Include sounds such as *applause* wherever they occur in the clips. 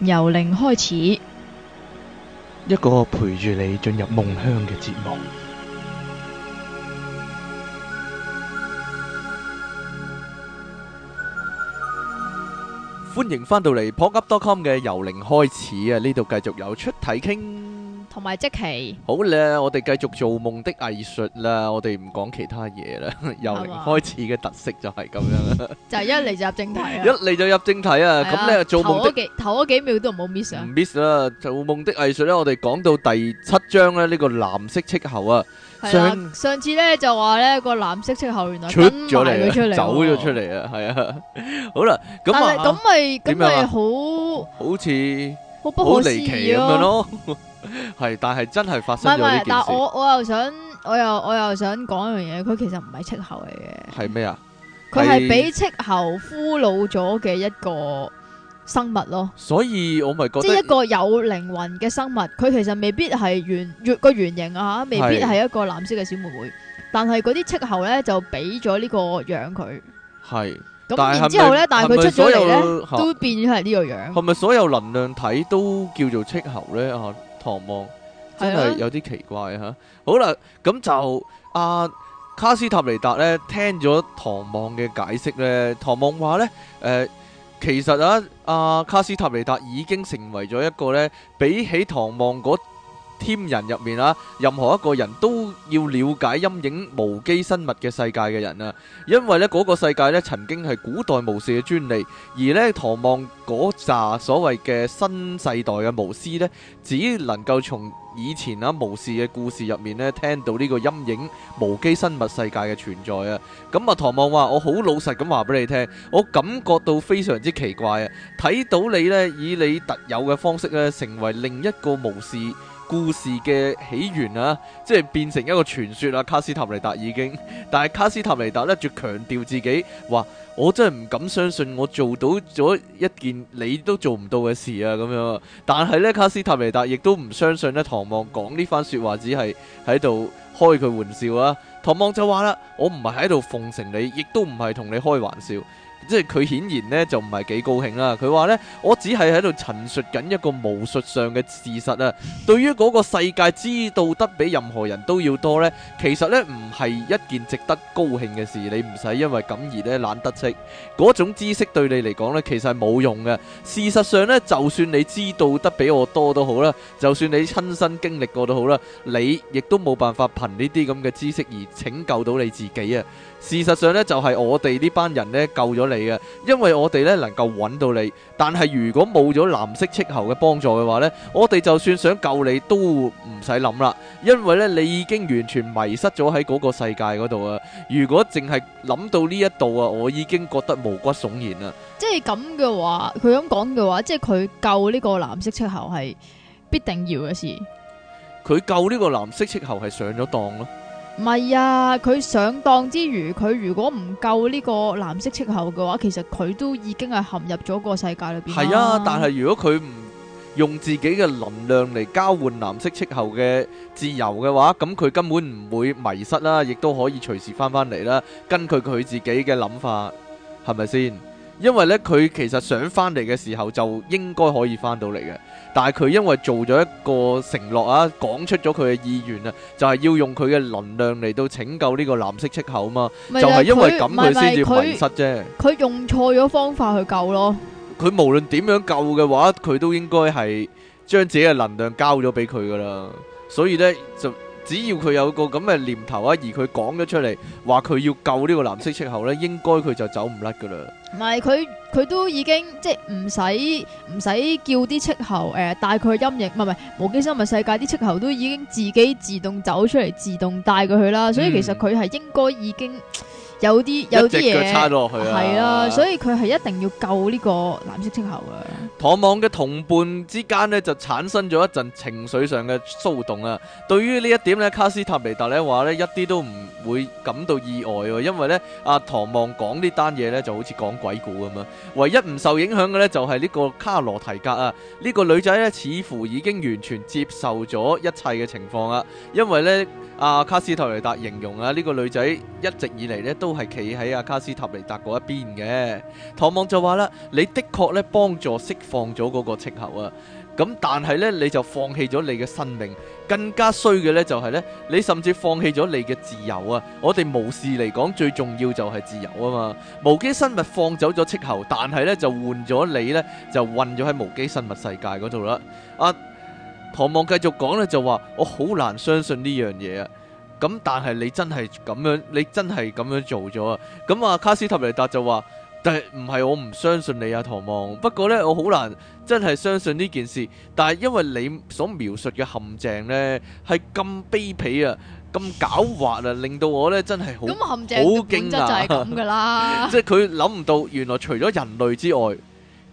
由零開始，一個陪住你進入夢鄉嘅節目。歡迎返到嚟 podcast.com 嘅由零開始啊！呢度繼續有出體傾。同埋即期好咧，我哋繼續做夢的藝術啦，我哋唔講其他嘢啦，由零開始嘅特色就係咁樣，就係一嚟就入正題，一嚟就入正題啊！咁咧做夢的頭嗰幾秒都唔好 miss 啦，唔 miss 啦！做夢的藝術咧，我哋講到第七章咧，呢個藍色斥候啊，上上次咧就話咧個藍色斥候原來出咗嚟，走咗出嚟啊，係啊，好啦咁啊，咁咪咁咪好好似好離奇咁樣咯。係，但係真係發生咗呢件事。但係我我又想，我又我又想講一樣嘢，佢其實唔係斥候嚟嘅。係咩啊？佢係俾斥候俘虜咗嘅一個生物咯。所以我咪覺得，即係一個有靈魂嘅生物，佢其實未必係圓個圓形啊，吓，未必係一個藍色嘅小妹妹。但係嗰啲斥候咧就俾咗呢個樣佢。係咁然之後咧，但係佢出咗嚟咧，都變咗係呢個樣。係咪所有能量體都叫做斥候咧？吓？唐望真係有啲奇怪吓、啊，好啦，咁就阿、啊、卡斯塔尼達咧，聽咗唐望嘅解釋咧，唐望話呢，誒、呃，其實啊，阿、啊、卡斯塔尼達已經成為咗一個咧，比起唐望添人入面啊，任何一個人都要了解陰影無機生物嘅世界嘅人啊，因為咧嗰個世界咧曾經係古代巫師嘅專利，而咧唐望嗰紮所謂嘅新世代嘅巫師咧，只能夠從以前啊巫師嘅故事入面咧聽到呢個陰影無機生物世界嘅存在啊。咁啊，唐望話：我好老實咁話俾你聽，我感覺到非常之奇怪啊！睇到你咧以你特有嘅方式咧成為另一個巫師。故事嘅起源啊，即係變成一個傳說啊。卡斯塔尼達已經，但係卡斯塔尼達呢，就強調自己話：我真係唔敢相信我做到咗一件你都做唔到嘅事啊！咁樣啊，但係呢，卡斯塔尼達亦都唔相信呢。唐望講呢番說話，只係喺度開佢玩笑啊！唐望就話啦：我唔係喺度奉承你，亦都唔係同你開玩笑。即係佢顯然呢，就唔係幾高興啦。佢話呢，我只係喺度陳述緊一個巫術上嘅事實啊。對於嗰個世界知道得比任何人都要多呢，其實呢，唔係一件值得高興嘅事。你唔使因為咁而呢懶得戚，嗰種知識對你嚟講呢，其實係冇用嘅。事實上呢，就算你知道得比我多都好啦，就算你親身經歷過都好啦，你亦都冇辦法憑呢啲咁嘅知識而拯救到你自己啊！事實上呢，就係我哋呢班人咧救咗你嘅，因為我哋咧能夠揾到你。但係如果冇咗藍色斥候嘅幫助嘅話呢，我哋就算想救你都唔使諗啦，因為呢，你已經完全迷失咗喺嗰個世界嗰度啊！如果淨係諗到呢一度啊，我已經覺得毛骨悚然啦。即係咁嘅話，佢咁講嘅話，即係佢救呢個藍色斥候係必定要嘅事。佢救呢個藍色斥候係上咗當咯。唔係啊，佢上當之餘，佢如果唔夠呢個藍色斥候嘅話，其實佢都已經係陷入咗個世界裏邊。係啊，但係如果佢唔用自己嘅能量嚟交換藍色斥候嘅自由嘅話，咁佢根本唔會迷失啦，亦都可以隨時翻翻嚟啦，根據佢自己嘅諗法，係咪先？因為咧，佢其實想翻嚟嘅時候就應該可以翻到嚟嘅，但係佢因為做咗一個承諾啊，講出咗佢嘅意願啊，就係要用佢嘅能量嚟到拯救呢個藍色出口嘛，就係因為咁佢先至迷失啫。佢用錯咗方法去救咯。佢無論點樣救嘅話，佢都應該係將自己嘅能量交咗俾佢噶啦，所以呢就。只要佢有個咁嘅念頭啊，而佢講咗出嚟話佢要救呢個藍色斥候咧，應該佢就走唔甩噶啦。唔係，佢佢都已經即係唔使唔使叫啲斥候誒、呃、帶佢去陰影，唔係唔係無機生物世界啲斥候都已經自己自動走出嚟，自動帶佢去啦。所以其實佢係應該已經。嗯有啲有啲嘢，係啊，啊，所以佢係一定要救呢個藍色織猴啊。唐望嘅同伴之間呢，就產生咗一陣情緒上嘅騷動啊！對於呢一點呢，卡斯塔尼達呢話呢，一啲都唔會感到意外，啊，因為呢，阿、啊、唐望講呢單嘢呢，就好似講鬼故咁啊！唯一唔受影響嘅呢，就係、是、呢個卡羅提格啊！呢、這個女仔呢，似乎已經完全接受咗一切嘅情況啊！因為呢，阿、啊、卡斯塔尼達形容啊，呢、這個女仔一直以嚟呢。都。都係企喺阿、卡斯塔尼達嗰一邊嘅，唐望就話啦：，你的確咧，幫助釋放咗嗰個斥候啊，咁但係咧你就放棄咗你嘅生命，更加衰嘅咧就係咧，你甚至放棄咗你嘅自由啊！我哋巫士嚟講，最重要就係自由啊嘛！無機生物放走咗斥候，但係咧就換咗你咧就困咗喺無機生物世界嗰度啦。阿、啊、唐望繼續講咧就話：，我好難相信呢樣嘢啊！咁但係你真係咁樣，你真係咁樣做咗啊！咁啊，卡斯塔尼達就話：，但係唔係我唔相信你啊，唐望。不過咧，我好難真係相信呢件事。但係因為你所描述嘅陷阱咧，係咁卑鄙啊，咁狡猾啊，令到我咧真係好，咁陷阱好驚嚇，本質就係咁噶啦。即係佢諗唔到，原來除咗人類之外，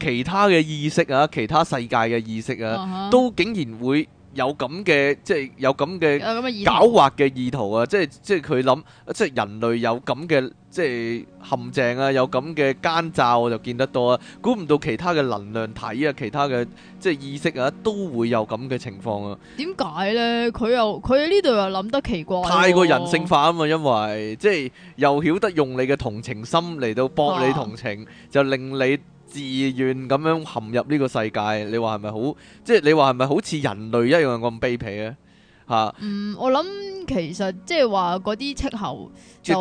其他嘅意識啊，其他世界嘅意識啊，都竟然會。有咁嘅即係有咁嘅狡猾嘅意圖啊！即係即係佢諗，即係人類有咁嘅即係陷阱啊，有咁嘅奸詐我就見得多啊！估唔到其他嘅能量體啊，其他嘅即係意識啊，都會有咁嘅情況啊！點解呢？佢又佢喺呢度又諗得奇怪啊，太過人性化啊嘛！因為即係又曉得用你嘅同情心嚟到博你同情，啊，就令你。自願咁樣陷入呢個世界，你話係咪好？即係你話係咪好似人類一樣咁卑鄙咧？吓，啊、嗯，我諗其實即係話嗰啲斥候智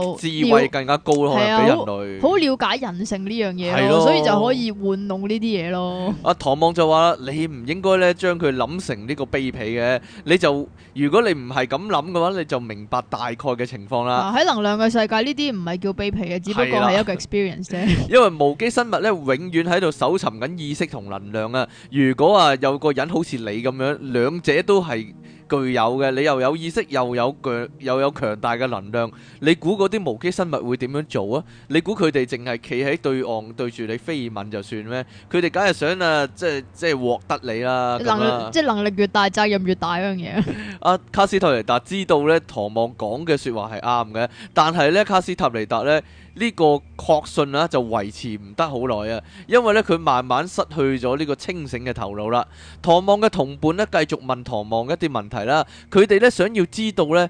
慧更加高咯，係啊，人類好了解人性呢樣嘢，的所以就可以玩弄呢啲嘢咯。阿、啊、唐望就話你唔應該咧將佢諗成呢個卑鄙嘅，你就如果你唔係咁諗嘅話，你就明白大概嘅情況啦。喺、啊、能量嘅世界呢啲唔係叫卑鄙嘅，只不過係一個 experience 啫的。因為無機生物咧永遠喺度搜尋緊意識同能量啊！如果啊有個人好似你咁樣，兩者都係。具有嘅，你又有意識，又有強又有強大嘅能量，你估嗰啲無機生物會點樣做啊？你估佢哋淨係企喺對岸對住你飛吻就算咩？佢哋梗係想啊，即係即係獲得你啦咁啦。能力，即係能力越大，責任越大嗰樣嘢。阿，卡斯塔尼達知道咧，唐望講嘅説話係啱嘅，但係咧，卡斯塔尼達咧。呢個確信啊，就維持唔得好耐啊，因為呢，佢慢慢失去咗呢個清醒嘅頭腦啦。唐望嘅同伴呢，繼續問唐望一啲問題啦。佢哋呢，想要知道呢，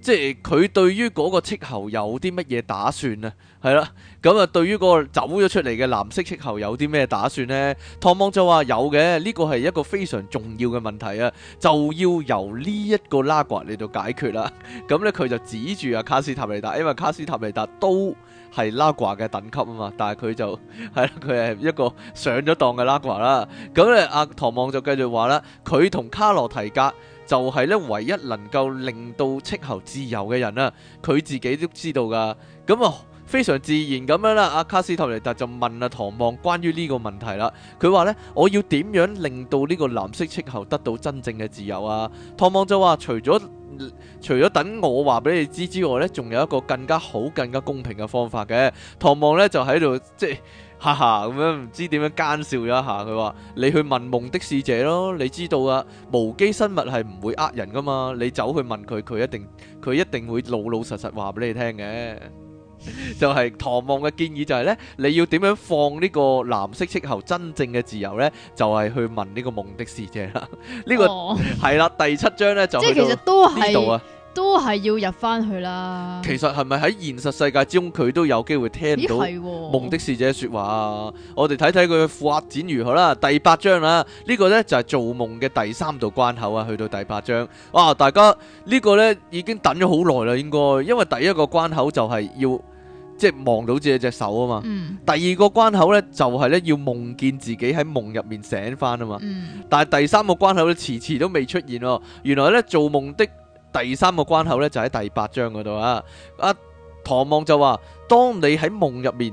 即係佢對於嗰個斥候有啲乜嘢打算啊？係啦，咁啊，對於個走咗出嚟嘅藍色斥候有啲咩打算呢？唐望就話有嘅，呢個係一個非常重要嘅問題啊，就要由呢一個拉格嚟到解決啦。咁呢，佢就指住阿卡斯塔尼達，因為卡斯塔尼達都。係拉瓜嘅等級啊嘛，但係佢就係啦，佢 *laughs* 係一個上咗當嘅拉瓜啦。咁咧，阿、啊、唐望就繼續話啦，佢同卡洛提格就係咧唯一能夠令到斥候自由嘅人啦。佢自己都知道噶。咁啊，非常自然咁樣啦。阿、啊、卡斯托尼達就問阿、啊、唐望關於呢個問題啦。佢話咧：我要點樣令到呢個藍色斥候得到真正嘅自由啊？唐望就話：除咗除咗等我話俾你知之外呢，仲有一個更加好、更加公平嘅方法嘅。唐望呢就喺度即係哈哈咁樣，唔知點樣奸笑咗一下。佢話，你去問夢的使者咯，你知道啊，無機生物係唔會呃人噶嘛。你走去問佢，佢一定佢一定會老老實實話俾你聽嘅。就係、是、唐望嘅建議就係、是、咧，你要點樣放呢個藍色斥候真正嘅自由咧？就係、是、去問呢個夢的使者啦。呢、 *laughs* 這個係啦，oh. *laughs* 第七章咧就即係其實都喺度、啊。都係要入翻去啦。其實係咪喺現實世界之中佢都有機會聽到夢的使者說話啊？我哋睇睇佢嘅發展如何啦。第八章啦，呢個呢就係做夢嘅第三道關口啊，去到第八章。哇，大家呢個呢已經等咗好耐啦，應該因為第一個關口就係要即係望到自己隻手啊嘛。嗯、第二個關口呢就係呢要夢見自己喺夢入面醒翻啊嘛。嗯、但係第三個關口咧遲遲都未出現喎。原來呢，做夢的。第三個關口咧就喺第八章嗰度啊！阿唐望就話：當你喺夢入面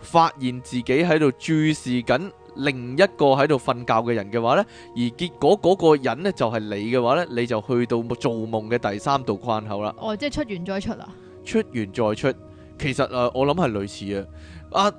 發現自己喺度注視緊另一個喺度瞓覺嘅人嘅話咧，而結果嗰個人咧就係你嘅話咧，你就去到做夢嘅第三道關口啦。哦，即係出完再出啦！出完再出，其實誒，我諗係類似啊。阿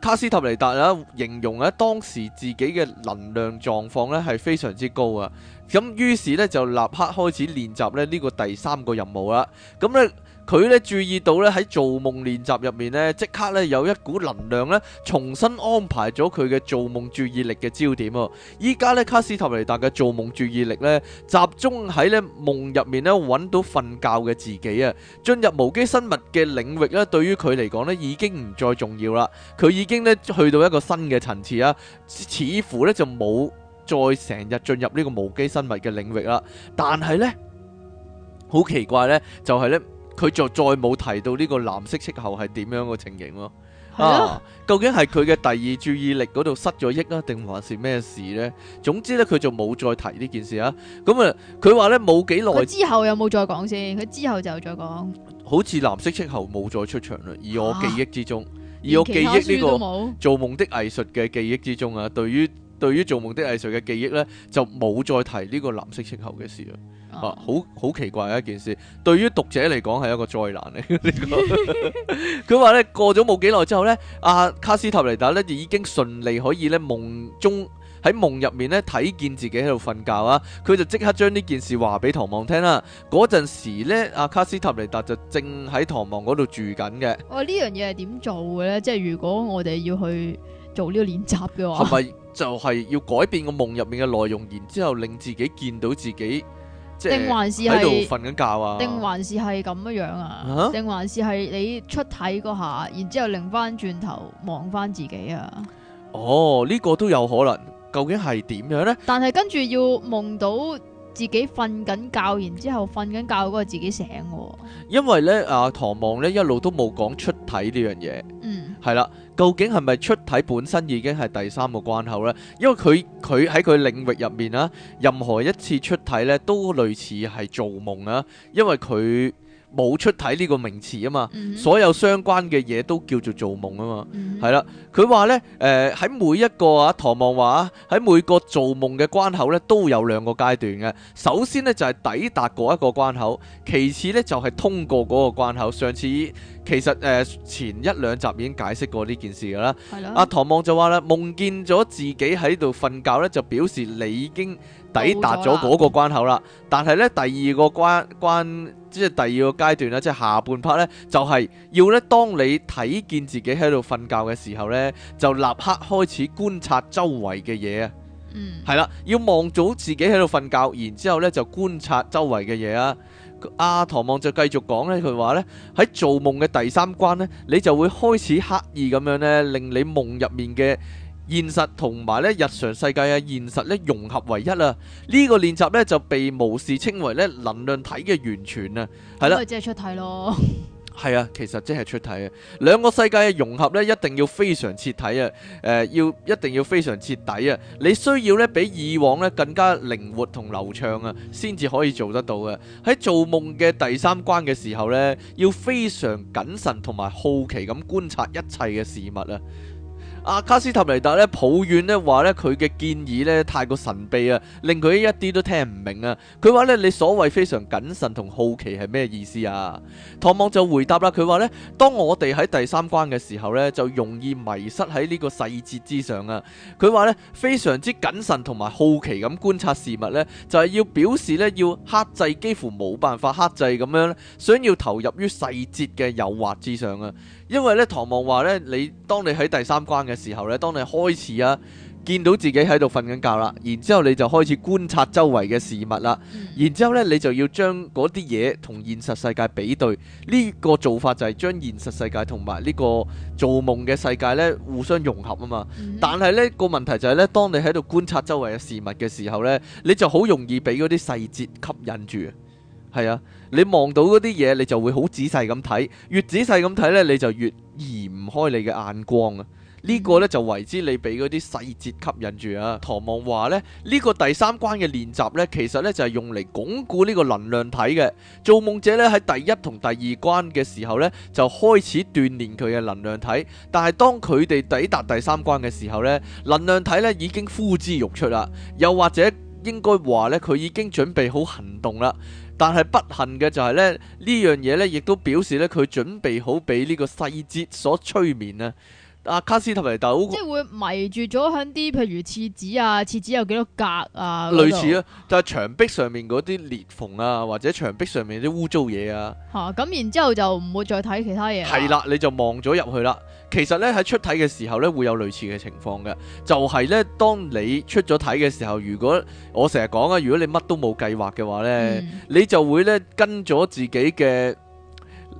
卡斯塔尼達啊，形容啊當時自己嘅能量狀況咧係非常之高啊。咁於是咧就立刻開始練習咧呢個第三個任務啦。咁咧佢咧注意到咧喺做夢練習入面咧即刻咧有一股能量咧重新安排咗佢嘅做夢注意力嘅焦點啊！依家咧卡斯塔尼達嘅做夢注意力咧集中喺咧夢入面咧揾到瞓覺嘅自己啊！進入無機生物嘅領域咧，對於佢嚟講咧已經唔再重要啦。佢已經咧去到一個新嘅層次啊，似乎咧就冇。再成日進入呢個無機生物嘅領域啦，但係呢，好奇怪呢，就係、是、呢，佢就再冇提到呢個藍色斥候係點樣嘅情形咯。係的、啊、究竟係佢嘅第二注意力嗰度失咗憶啊，定還是咩事呢？總之呢，佢就冇再提呢件事啊。咁、嗯、啊，佢話呢，冇幾耐之後有冇再講先？佢之後就再講，好似藍色斥候冇再出場啦。以我記憶之中，以、啊、我記憶呢、這個做夢的藝術嘅記憶之中啊，對於。對於做夢的藝術嘅記憶呢，就冇再提呢個藍色星球嘅事啊！啊，好好奇怪嘅一件事，對於讀者嚟講係一個災難嚟。佢話咧，過咗冇幾耐之後呢，阿、啊、卡斯塔尼達呢已經順利可以呢夢中喺夢入面呢睇見自己喺度瞓覺啊！佢就即刻將呢件事話俾唐望聽啦。嗰陣時咧，阿卡斯塔尼達就正喺唐望嗰度住緊嘅。哇！呢樣嘢係點做嘅呢？即係如果我哋要去做呢個練習嘅話，係咪？就係要改變個夢入面嘅內容，然之後令自己見到自己，定即還是喺度瞓緊覺啊？定還是係咁樣樣啊？定、uh huh? 還是係你出體嗰下，然之後擰翻轉頭望翻自己啊？哦，呢、這個都有可能，究竟係點樣呢？但係跟住要夢到自己瞓緊覺，然之後瞓緊覺嗰個自己醒嘅、啊。因為咧，阿、啊、唐望咧一路都冇講出體呢樣嘢。嗯係啦，究竟係咪出體本身已經係第三個關口呢？因為佢佢喺佢領域入面啊，任何一次出體咧都類似係做夢啊，因為佢。冇出體呢個名詞啊嘛，mm hmm. 所有相關嘅嘢都叫做做夢啊嘛，係啦、mm。佢、hmm. 話呢，誒、呃、喺每一個啊，唐望話喺、啊、每個做夢嘅關口呢都有兩個階段嘅。首先呢，就係抵達嗰一個關口，其次呢，就係通過嗰個關口。上次其實誒、呃、前一兩集已經解釋過呢件事㗎啦。阿 Right.、啊、唐望就話啦，夢見咗自己喺度瞓覺呢，就表示你已經。抵達咗嗰個關口啦，但係咧第二個關關，即係第二個階段啦，即係下半 part 咧，就係要咧當你睇見自己喺度瞓覺嘅時候咧，就立刻開始觀察周圍嘅嘢啊，嗯，係啦，要望早自己喺度瞓覺，然之後咧就觀察周圍嘅嘢啊。阿唐望就繼續講咧，佢話咧喺做夢嘅第三關咧，你就會開始刻意咁樣咧，令你夢入面嘅。現實同埋咧日常世界嘅現實咧融合為一啦，呢、這個練習咧就被巫師稱為咧能量體嘅源泉啊，係啦，即係出體咯，係啊，其實即係出體嘅兩個世界嘅融合咧一定要非常徹底啊，誒、呃，要一定要非常徹底啊，你需要咧比以往咧更加靈活同流暢啊，先至可以做得到嘅。喺做夢嘅第三關嘅時候咧，要非常謹慎同埋好奇咁觀察一切嘅事物啊。阿卡斯塔尼達咧抱怨咧話咧佢嘅建議咧太過神秘啊，令佢一啲都聽唔明啊。佢話咧，你所謂非常謹慎同好奇係咩意思啊？唐望就回答啦，佢話咧當我哋喺第三關嘅時候咧就容易迷失喺呢個細節之上啊。佢話咧非常之謹慎同埋好奇咁觀察事物咧就係要表示咧要克制幾乎冇辦法克制咁樣，想要投入於細節嘅誘惑之上啊。因為咧，唐望話咧，你當你喺第三關嘅時候咧，當你開始啊見到自己喺度瞓緊覺啦，然之後你就開始觀察周圍嘅事物啦，嗯、然之後咧你就要將嗰啲嘢同現實世界比對，呢、呢個做法就係將現實世界同埋呢個做夢嘅世界咧互相融合啊嘛。嗯、但係咧個問題就係咧，當你喺度觀察周圍嘅事物嘅時候咧，你就好容易俾嗰啲細節吸引住，係啊。你望到嗰啲嘢，你就會好仔細咁睇，越仔細咁睇呢，你就越移唔開你嘅眼光啊！呢個呢，就為之你俾嗰啲細節吸引住啊！唐望話呢，呢個第三關嘅練習呢，其實呢，就係用嚟鞏固呢個能量體嘅。做夢者呢，喺第一同第二關嘅時候呢，就開始鍛煉佢嘅能量體，但係當佢哋抵達第三關嘅時候呢，能量體呢已經呼之欲出啦，又或者應該話呢，佢已經準備好行動啦。但係不幸嘅就係咧，呢樣嘢咧亦都表示咧佢準備好被呢個細節所催眠啊！阿卡斯特尼豆即係會迷住咗喺啲譬如廁紙啊，廁紙有幾多格啊？類似啊，就係、是、牆壁上面嗰啲裂縫啊，或者牆壁上面啲污糟嘢啊。嚇、啊！咁然之後就唔會再睇其他嘢。係啦、啊，你就望咗入去啦。其實咧喺出體嘅時候咧，會有類似嘅情況嘅，就係咧，當你出咗體嘅時候，如果我成日講啊，如果你乜都冇計劃嘅話咧，mm. 你就會咧跟咗自己嘅。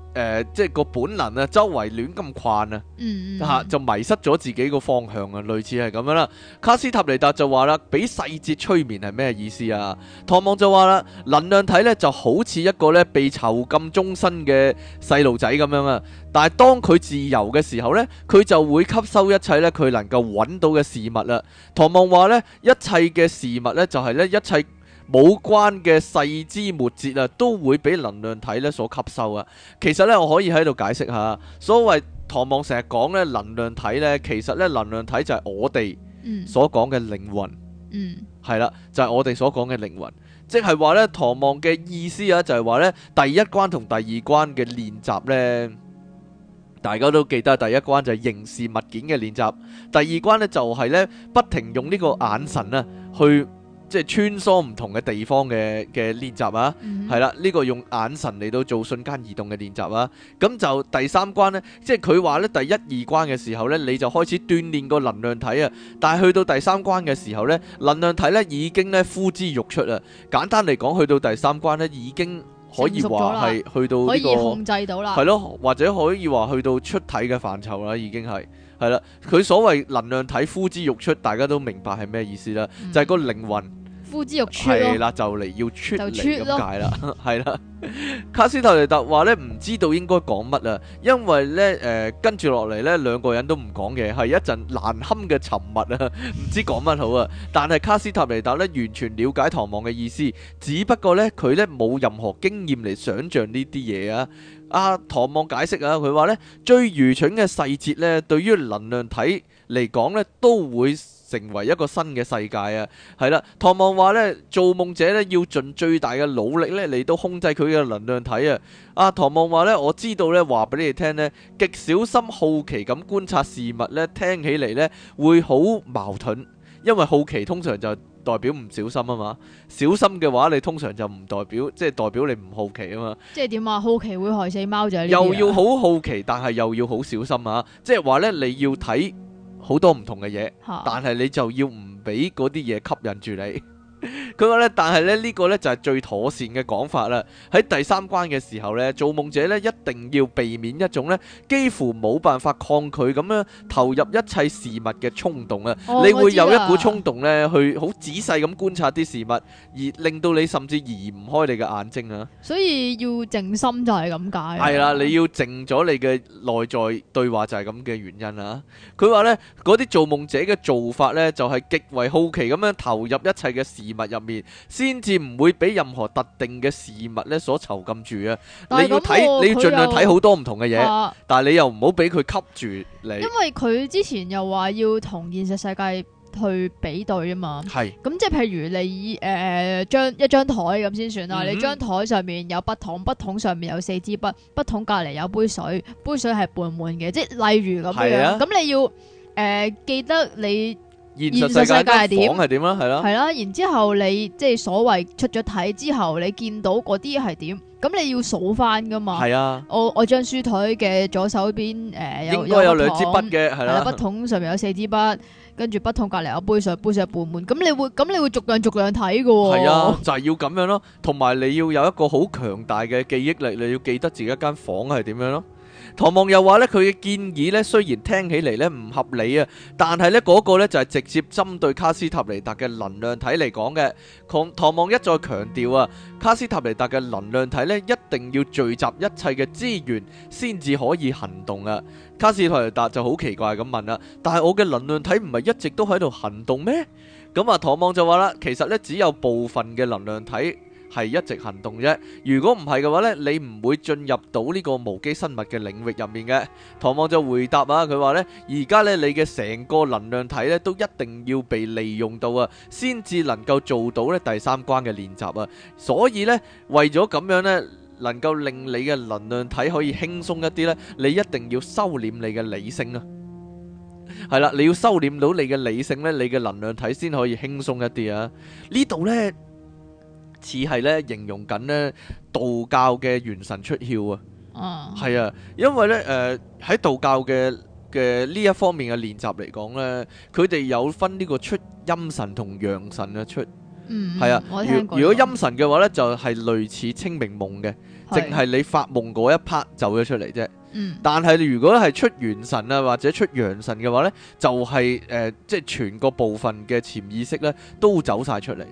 誒、呃，即係個本能啊，周圍亂咁逛啊，吓、嗯啊、就迷失咗自己個方向啊，類似係咁樣啦、啊。卡斯塔尼達就話啦，俾細節催眠係咩意思啊？唐望就話啦，能量體呢就好似一個呢被囚禁終身嘅細路仔咁樣啊，但係當佢自由嘅時候呢，佢就會吸收一切呢佢能夠揾到嘅事物啦。唐望話呢，一切嘅事物呢，就係、是、呢一切。冇關嘅細枝末節啊，都會俾能量體呢所吸收啊。其實呢，我可以喺度解釋下，所謂唐望成日講呢能量體呢，其實呢能量體就係我哋所講嘅靈魂，係啦、嗯，就係、是、我哋所講嘅靈魂，即係話呢唐望嘅意思啊，就係話呢第一關同第二關嘅練習呢，大家都記得第一關就係凝視物件嘅練習，第二關就呢就係呢不停用呢個眼神呢去。即係穿梭唔同嘅地方嘅嘅練習啊，係啦、mm，呢、hmm. 呢個用眼神嚟到做瞬間移動嘅練習啊。咁就第三關呢，即係佢話呢，第一二關嘅時候呢，你就開始鍛鍊個能量體啊。但係去到第三關嘅時候呢，能量體呢已經咧呼之欲出啦。簡單嚟講，去到第三關呢，已經可以話係去到呢、呢個控制到啦，係咯，或者可以話去到出體嘅範疇啦，已經係。係啦，佢所謂能量體呼之欲出，大家都明白係咩意思啦，嗯、就係個靈魂呼之欲出咯。係啦，就嚟要出就出咯，係啦。卡斯塔尼達話咧唔知道應該講乜啊，因為咧誒跟住落嚟咧兩個人都唔講嘅，係一陣難堪嘅沉默啊，唔知講乜好啊。但係卡斯塔尼達咧完全了解唐望嘅意思，只不過咧佢咧冇任何經驗嚟想像呢啲嘢啊。阿唐望解釋啊，佢話呢，最愚蠢嘅細節呢，對於能量體嚟講呢，都會成為一個新嘅世界啊。係啦，唐望話呢，做夢者呢，要盡最大嘅努力呢嚟到控制佢嘅能量體啊。阿唐望話呢，我知道呢，話俾你哋聽呢，極小心好奇咁觀察事物呢，聽起嚟呢，會好矛盾。因為好奇通常就代表唔小心啊嘛，小心嘅話你通常就唔代表，即係代表你唔好奇啊嘛。即係點啊？好奇會害死貓仔呢？又要好好奇，但係又要好小心啊！即係話呢，你要睇好多唔同嘅嘢，但係你就要唔俾嗰啲嘢吸引住你。佢話咧，但係咧呢、呢個咧就係最妥善嘅講法啦。喺第三關嘅時候咧，做夢者咧一定要避免一種咧幾乎冇辦法抗拒咁樣投入一切事物嘅衝動啊！哦、你會有一股衝動咧，去好仔細咁觀察啲事物，而令到你甚至移唔開你嘅眼睛啊！所以要靜心就係咁解。係啦，你要靜咗你嘅內在對話就係咁嘅原因啊！佢話咧，嗰啲做夢者嘅做法咧就係、是、極為好奇咁樣投入一切嘅事物入，先至唔會俾任何特定嘅事物咧所囚禁住但啊！你要睇，你要盡量睇好多唔同嘅嘢，但係你又唔好俾佢吸住你。因為佢之前又話要同現實世界去比對啊嘛。係是。咁即係譬如你，誒、呃，將一張台咁先算啦。嗯、哼你張台上面有筆筒，筆筒上面有四支筆，筆筒隔籬有杯水，杯水係半滿嘅。即係例如咁樣，咁、啊、你要誒、呃、記得你。現實世界係點係點啦，係啦，係啦，然之後你即係所謂出咗睇之後，你見到嗰啲係點，咁你要數翻噶嘛？係啊，我我張書台嘅左手邊誒，呃、應該有兩支筆嘅，係啦、啊，啊、筆筒上面有四支筆，跟住筆筒隔籬有杯水，杯水半滿，咁你會咁你會逐樣逐樣睇噶喎。係啊，就係要咁樣咯，同埋你要有一個好強大嘅記憶力，你要記得自己一間房係點樣咯。唐望又話咧，佢嘅建議呢雖然聽起嚟呢唔合理啊，但係呢嗰個呢就係直接針對卡斯塔尼達嘅能量體嚟講嘅。唐唐望一再強調啊，卡斯塔尼達嘅能量體呢一定要聚集一切嘅資源先至可以行動啊。卡斯塔尼達就好奇怪咁問啦，但係我嘅能量體唔係一直都喺度行動咩？咁啊，唐望就話啦，其實呢只有部分嘅能量體。係一直行動啫。如果唔係嘅話咧，你唔會進入到呢個無機生物嘅領域入面嘅。唐望就回答啊，佢話咧，而家咧你嘅成個能量體咧都一定要被利用到啊，先至能夠做到咧第三關嘅練習啊。所以咧，為咗咁樣咧，能夠令你嘅能量體可以輕鬆一啲咧，你一定要收斂你嘅理性啊。係啦，你要收斂到你嘅理性咧，你嘅能量體先可以輕鬆一啲啊。呢度咧。似係咧形容緊咧道教嘅元神出竅啊！哦，係啊，因為咧誒喺道教嘅嘅呢一方面嘅練習嚟講咧，佢哋有分呢個出陰神同陽神嘅出，嗯，係啊。我聽過。如，如果陰神嘅話咧，就係、是、類似清明夢嘅，淨係是你發夢嗰一 part 走咗出嚟啫。但係你如果係出元神啊或者出陽神嘅話呢就係、是、誒、呃、即係全個部分嘅潛意識呢都走晒出嚟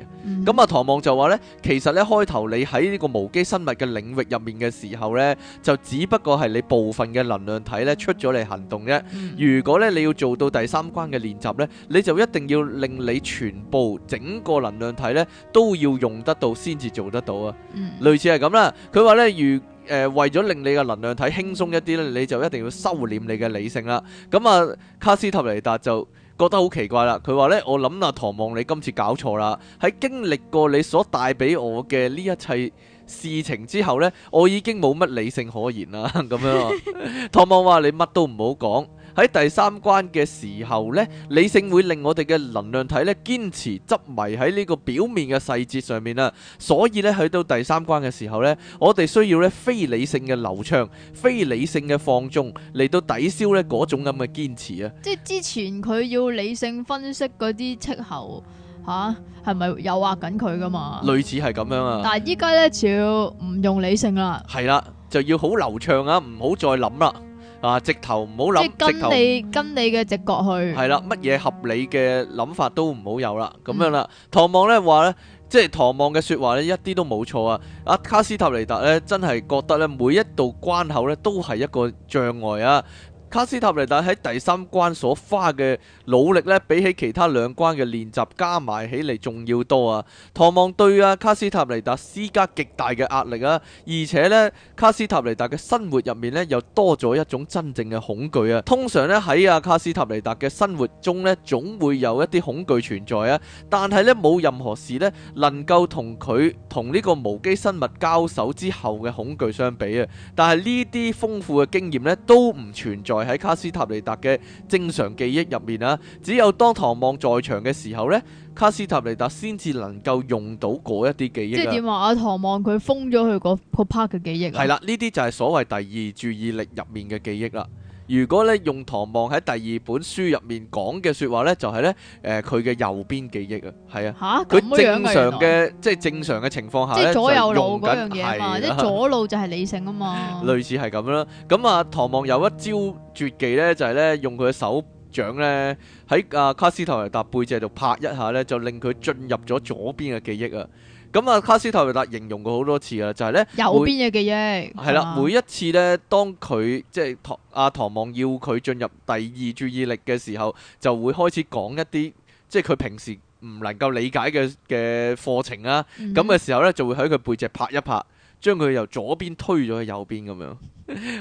咁啊，嗯、唐望就話呢其實呢，開頭你喺呢個無機生物嘅領域入面嘅時候呢，就只不過係你部分嘅能量體呢出咗嚟行動啫。嗯、如果呢，你要做到第三關嘅練習呢，你就一定要令你全部整個能量體呢都要用得到先至做得到啊！嗯、類似係咁啦，佢話呢。如。誒、呃，為咗令你嘅能量體輕鬆一啲咧，你就一定要收斂你嘅理性啦。咁啊，卡斯塔尼達就覺得好奇怪啦。佢話呢，我諗啊，唐望你今次搞錯啦。喺經歷過你所帶俾我嘅呢一切事情之後呢，我已經冇乜理性可言啦。咁 *laughs* 樣，唐望話，你乜都唔好講。喺第三關嘅時候呢，理性會令我哋嘅能量體呢堅持執迷喺呢個表面嘅細節上面啦，所以呢，去到第三關嘅時候呢，我哋需要呢非理性嘅流暢、非理性嘅放縱嚟到抵消呢嗰種咁嘅堅持啊！即係之前佢要理性分析嗰啲斥候吓，係咪誘惑緊佢噶嘛？類似係咁樣啊！但係依家呢，就要唔用理性啦，係啦就要好流暢啊，唔好再諗啦。啊！直頭唔好諗，直頭跟你跟你嘅直覺去係啦，乜嘢頭合理嘅諗法都唔好有啦，咁樣啦。嗯、唐望咧話咧，即係唐望嘅說話咧一啲都冇錯啊！阿卡斯塔尼達咧真係覺得咧每一道關口咧都係一個障礙啊！卡斯塔尼達喺第三關所花嘅努力咧，比起其他兩關嘅練習加埋起嚟，仲要多啊！唐望對阿、啊、卡斯塔尼達施加極大嘅壓力啊，而且咧，卡斯塔尼達嘅生活入面咧，又多咗一種真正嘅恐懼啊！通常咧，喺阿、啊、卡斯塔尼達嘅生活中咧，總會有一啲恐懼存在啊，但係咧，冇任何事咧，能夠同佢同呢個無機生物交手之後嘅恐懼相比啊！但係呢啲豐富嘅經驗咧，都唔存在。喺卡斯塔尼達嘅正常記憶入面啊，只有當唐望在場嘅時候呢，卡斯塔尼達先至能夠用到嗰一啲記憶。即係點話？唐望佢封咗佢嗰個 part 嘅記憶啊。係啦，呢啲就係所謂第二注意力入面嘅記憶啦。如果咧用唐望喺第二本書入面講嘅説話咧，就係咧誒佢嘅右邊記憶啊，係啊，佢正常嘅來即係正常嘅情況下咧，即就用緊係啦，嗰樣嘢嘛啊、即係左路就係理性啊嘛，類似係咁啦。咁、嗯、啊，唐望有一招絕技咧，就係、是、咧用佢嘅手掌咧喺啊卡斯塔尼達背脊度拍一下咧，就令佢進入咗左邊嘅記憶啊。咁啊，卡斯泰維特形容過好多次啊，就係咧右邊嘅記憶係啦，每一次咧，當佢即係唐阿唐望要佢進入第二注意力嘅時候，就會開始講一啲即係佢平時唔能夠理解嘅嘅課程啊，嗯哼，咁嘅時候咧，就會喺佢背脊拍一拍。將佢由左邊推咗去右邊咁樣。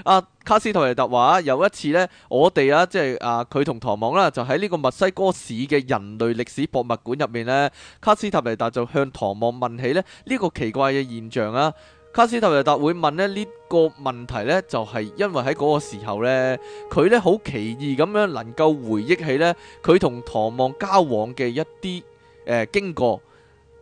阿、 *laughs* 啊、卡斯泰利特話：有一次呢，我哋啊，即係阿佢同唐望啦，就喺呢個墨西哥市嘅人類歷史博物館入面呢。卡斯泰利特就向唐望問起咧呢、呢個奇怪嘅現象啦、啊。卡斯泰利特會問咧呢、呢個問題呢，就係、是、因為喺嗰個時候呢，佢呢好奇異咁樣能夠回憶起呢佢同唐望交往嘅一啲誒、呃、經過。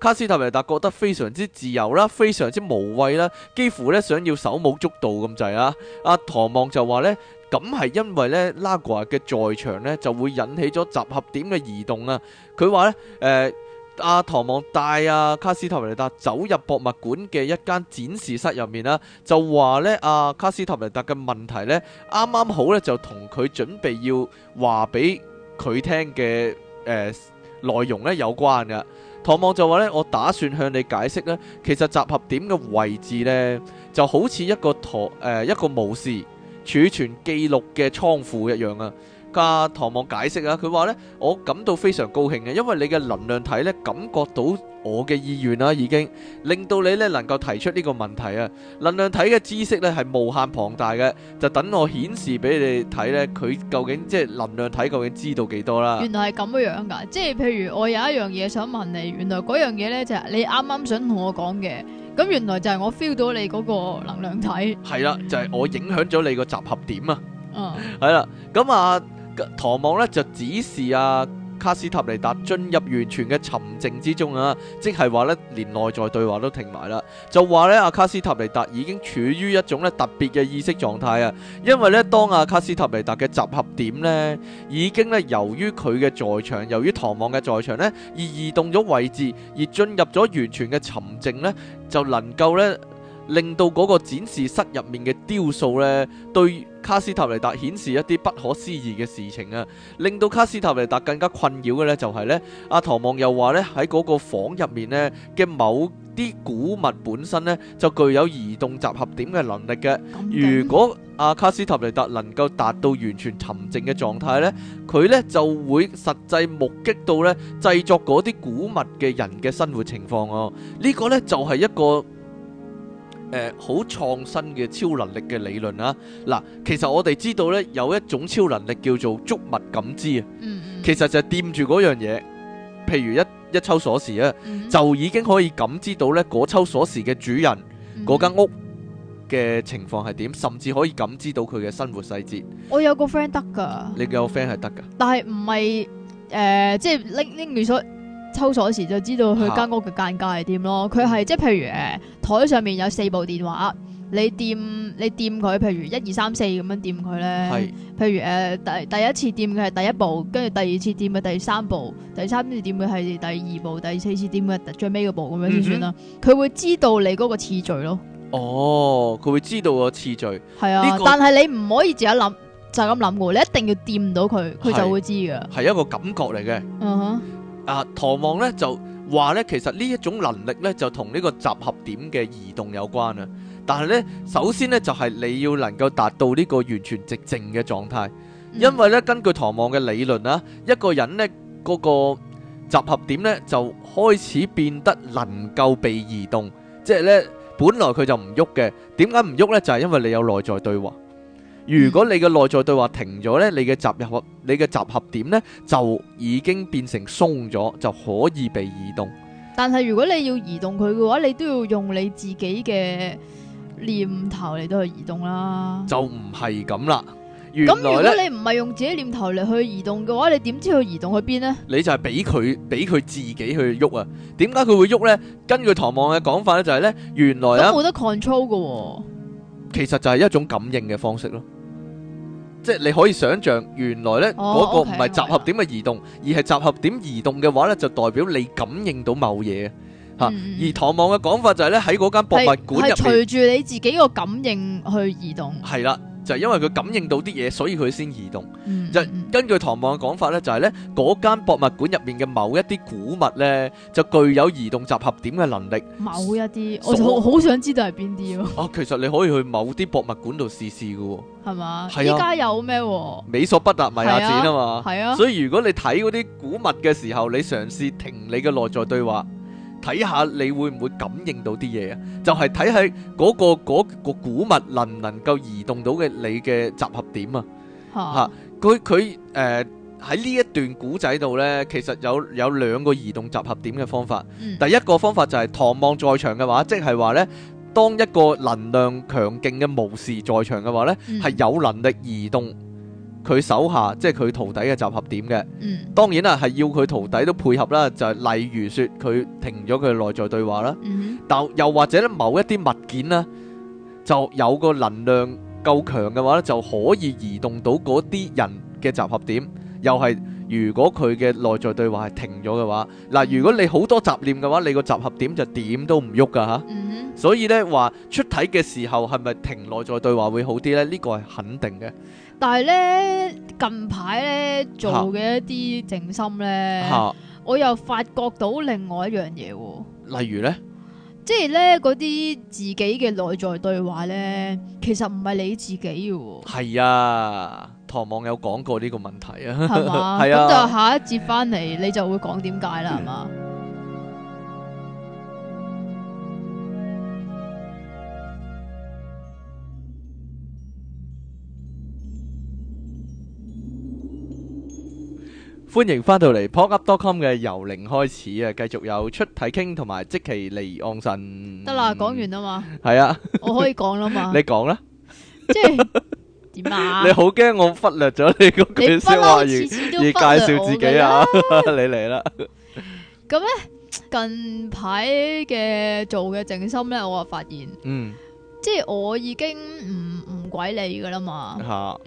卡斯泰維達覺得非常之自由啦，非常之無畏啦，幾乎咧想要手舞足蹈咁滯啊！阿唐望就話咧，咁係因為咧拉格嘅在場咧就會引起咗集合點嘅移動啊！佢話咧，誒，阿唐望帶阿卡斯泰維達走入博物館嘅一間展示室入面啦，就話咧阿卡斯泰維達嘅問題咧，啱啱好咧就同佢準備要話俾佢聽嘅誒內容咧有關㗎。唐望就話咧，我打算向你解釋咧，其實集合點嘅位置呢，就好似一個枱誒、呃、一個模式儲存記錄嘅倉庫一樣啊。噶唐望解釋啊，佢話咧，我感到非常高興嘅，因為你嘅能量體咧感覺到我嘅意願啦，已經令到你咧能夠提出呢個問題啊。能量體嘅知識咧係無限龐大嘅，就等我顯示俾你哋睇咧，佢究竟即係能量體究竟知道幾多啦？原來係咁樣噶，即係譬如我有一樣嘢想問你，原來嗰樣嘢咧就係你啱啱想同我講嘅，咁原來就係我 feel 到你嗰個能量體。係啦，就係我影響咗你個集合點啊。嗯，係啦，咁啊。唐望咧就指示阿卡斯塔尼達進入完全嘅沉靜之中啊，即係話咧連內在對話都停埋啦，就話咧阿卡斯塔尼達已經處於一種咧特別嘅意識狀態啊，因為咧當阿卡斯塔尼達嘅集合點咧已經咧由於佢嘅在場，由於唐望嘅在場咧而移動咗位置而進入咗完全嘅沉靜咧就能夠咧。令到嗰個展示室入面嘅雕塑咧，對卡斯塔尼達顯示一啲不可思議嘅事情啊！令到卡斯塔尼達更加困擾嘅咧，就係咧阿唐望又話咧喺嗰個房入面咧嘅某啲古物本身咧就具有移動集合點嘅能力嘅。如果阿、啊、卡斯塔尼達能夠達到完全沉靜嘅狀態咧，佢咧就會實際目擊到咧製作嗰啲古物嘅人嘅生活情況哦、啊。這個、呢個咧就係、是、一個。誒好創新嘅超能力嘅理論啦，嗱，其實我哋知道呢，有一種超能力叫做觸物感知啊，其實就係掂住嗰樣嘢，譬如一一抽鎖匙啊，就已經可以感知到呢嗰抽鎖匙嘅主人嗰間屋嘅情況係點，甚至可以感知到佢嘅生活細節。我有個 friend 得㗎，你有個 friend 係得㗎，但係唔係誒，即係拎拎住抽鎖匙就知道佢間屋嘅間隔係點咯，佢係即係譬如誒、啊，台上面有四部電話，你掂你掂佢，譬如一二三四咁樣掂佢咧，是譬如誒、啊、第第一次掂佢係第一部，跟住第二次掂嘅第三部，第三次掂嘅係第二部，第四次掂嘅最尾嗰部咁樣先算啦。佢、嗯、哼會知道你嗰個次序咯。哦，佢會知道個次序。係啊，這個 但係你唔可以自己諗，就係咁諗嘅，你一定要掂到佢，佢是就會知噶。係一個感覺嚟嘅。嗯哼、uh。Huh 啊，唐望咧就話咧，其實呢一種能力咧就同呢個集合點嘅移動有關啦。但係咧，首先咧就係、是、你要能夠達到呢個完全寂靜嘅狀態，因為咧根據唐望嘅理論啊，一個人咧嗰、那個集合點咧就開始變得能夠被移動，即係咧本來佢就唔喐嘅，點解唔喐咧？就係、是、因為你有內在對話。如果你嘅內在對話停咗呢，你嘅集合你嘅集合點咧就已經變成鬆咗，就可以被移動。但係如果你要移動佢嘅話，你都要用你自己嘅念頭嚟到去移動啦。就唔係咁啦。咁如果你唔係用自己念頭嚟去移動嘅話，你點知佢移動去邊呢？你就係俾佢俾佢自己去喐啊？點解佢會喐呢？根據唐望嘅講法咧，就係呢：原來都冇得 control 嘅哦。其實就係一種感應嘅方式咯。即係你可以想象，原來呢嗰個唔係集合點嘅移動，哦、okay，而係集合點移動嘅話呢，就代表你感應到某嘢嚇。嗯、而唐望嘅講法就係呢，喺嗰間博物館入面，隨住你自己個感應去移動。係啦。就係因為佢感應到啲嘢，所以佢先移動。就根據唐望嘅講法咧，就係咧嗰間博物館入面嘅某一啲古物咧，就具有移動集合點嘅能力。某一啲，我就好想知道係邊啲咯。啊，其實你可以去某啲博物館度試試㗎喎。係嘛？依家有咩？美索不達米亞展啊嘛。係啊。所以如果你睇嗰啲古物嘅時候，你嘗試停你嘅內在對話。睇下你會唔會感應到啲嘢啊？就係睇喺嗰個古物能唔能夠移動到嘅你嘅集合點啊！嚇，佢佢誒喺呢一段古仔度呢，其實有有兩個移動集合點嘅方法。嗯、第一個方法就係唐望在場嘅話，即係話呢，當一個能量強勁嘅巫師在場嘅話呢係、嗯、有能力移動。佢手下即係佢徒弟嘅集合點嘅，嗯、當然啦，係要佢徒弟都配合啦。就係、例如說，佢停咗佢內在對話啦，嗯哼但又或者咧，某一啲物件呢，就有個能量夠強嘅話咧，就可以移動到嗰啲人嘅集合點。又係如果佢嘅內在對話係停咗嘅話，嗱，嗯哼如果你好多雜念嘅話，你個集合點就點都唔喐噶吓。嗯哼所以咧，話出體嘅時候係咪停內在對話會好啲咧？呢個係肯定嘅。但係咧，近排咧做嘅一啲靜心咧，啊、我又發覺到另外一樣嘢、哦。例如咧，即係咧嗰啲自己嘅內在對話咧，其實唔係你自己嘅、哦。係啊，唐望有講過呢個問題啊吧。係嘛、 *laughs* 啊，咁就下一節翻嚟你就會講點解啦，係嘛、啊。歡迎翻到嚟 PodUp.com 嘅由零開始啊，繼續有出體傾同埋即期離岸神。得啦，講完啦嘛，係啊，我可以講啦嘛， *laughs* 你講啦吧，即係點啊？ *laughs* 你好驚我忽略咗你嗰句說話完而介紹自己啊？你嚟啦，咁咧 *laughs* 來了 近排嘅做嘅靜心咧，我啊發現，嗯，即係我已經唔唔鬼理噶啦嘛。啊。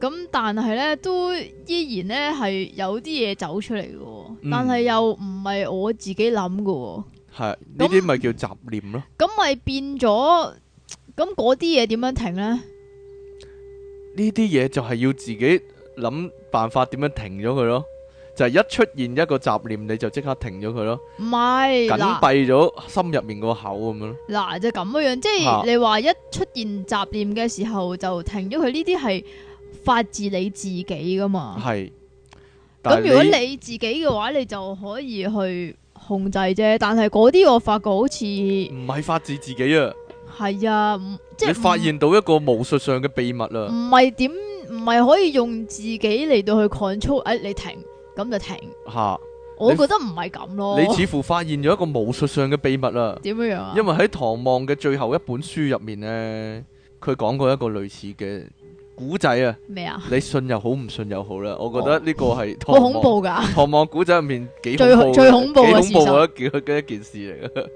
咁但係咧，都依然咧係有啲嘢走出嚟嘅，嗯、但係又唔係我自己諗嘅。係，呢啲咪叫雜念咯？咁咪變咗，咁嗰啲嘢點樣停呢？呢啲嘢就係要自己諗辦法點樣停咗佢咯。就係、是、一出現一個雜念，你就即刻停咗佢咯，唔係緊閉咗心入面個口咁咯。嗱，就咁樣樣，即係你話一出現雜念嘅時候就停咗佢呢啲係。發自你自己噶嘛？係咁，如果你自己嘅話，你就可以去控制啫。但係嗰啲我發覺好似唔係發自自己啊。係啊，即係你發現到一個巫術上嘅秘密啦。唔係點唔係可以用自己嚟到去 control？誒，你停咁就停。吓、啊，我覺得唔係咁咯你。你似乎發現咗一個巫術上嘅秘密啦。點樣樣啊？因為喺《唐望》嘅最後一本書入面呢，佢講過一個類似嘅古仔啊！咩啊？你信又好，唔信又好啦。我覺得呢個係好恐怖噶。唐望古仔入面幾恐怖，最恐怖嘅事。恐怖啊！幾嘅一件事嚟啊！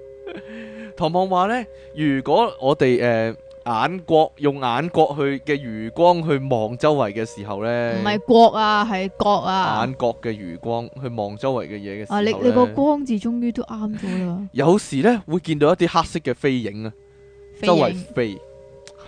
唐望話咧，如果我哋誒眼角用眼角去嘅餘光去望周圍嘅時候咧，唔係角啊，係角啊。眼角嘅餘光去望周圍嘅嘢嘅時候，啊！你你個光字終於都啱咗啦。有時咧會見到一啲黑色嘅飛影啊，周圍飛。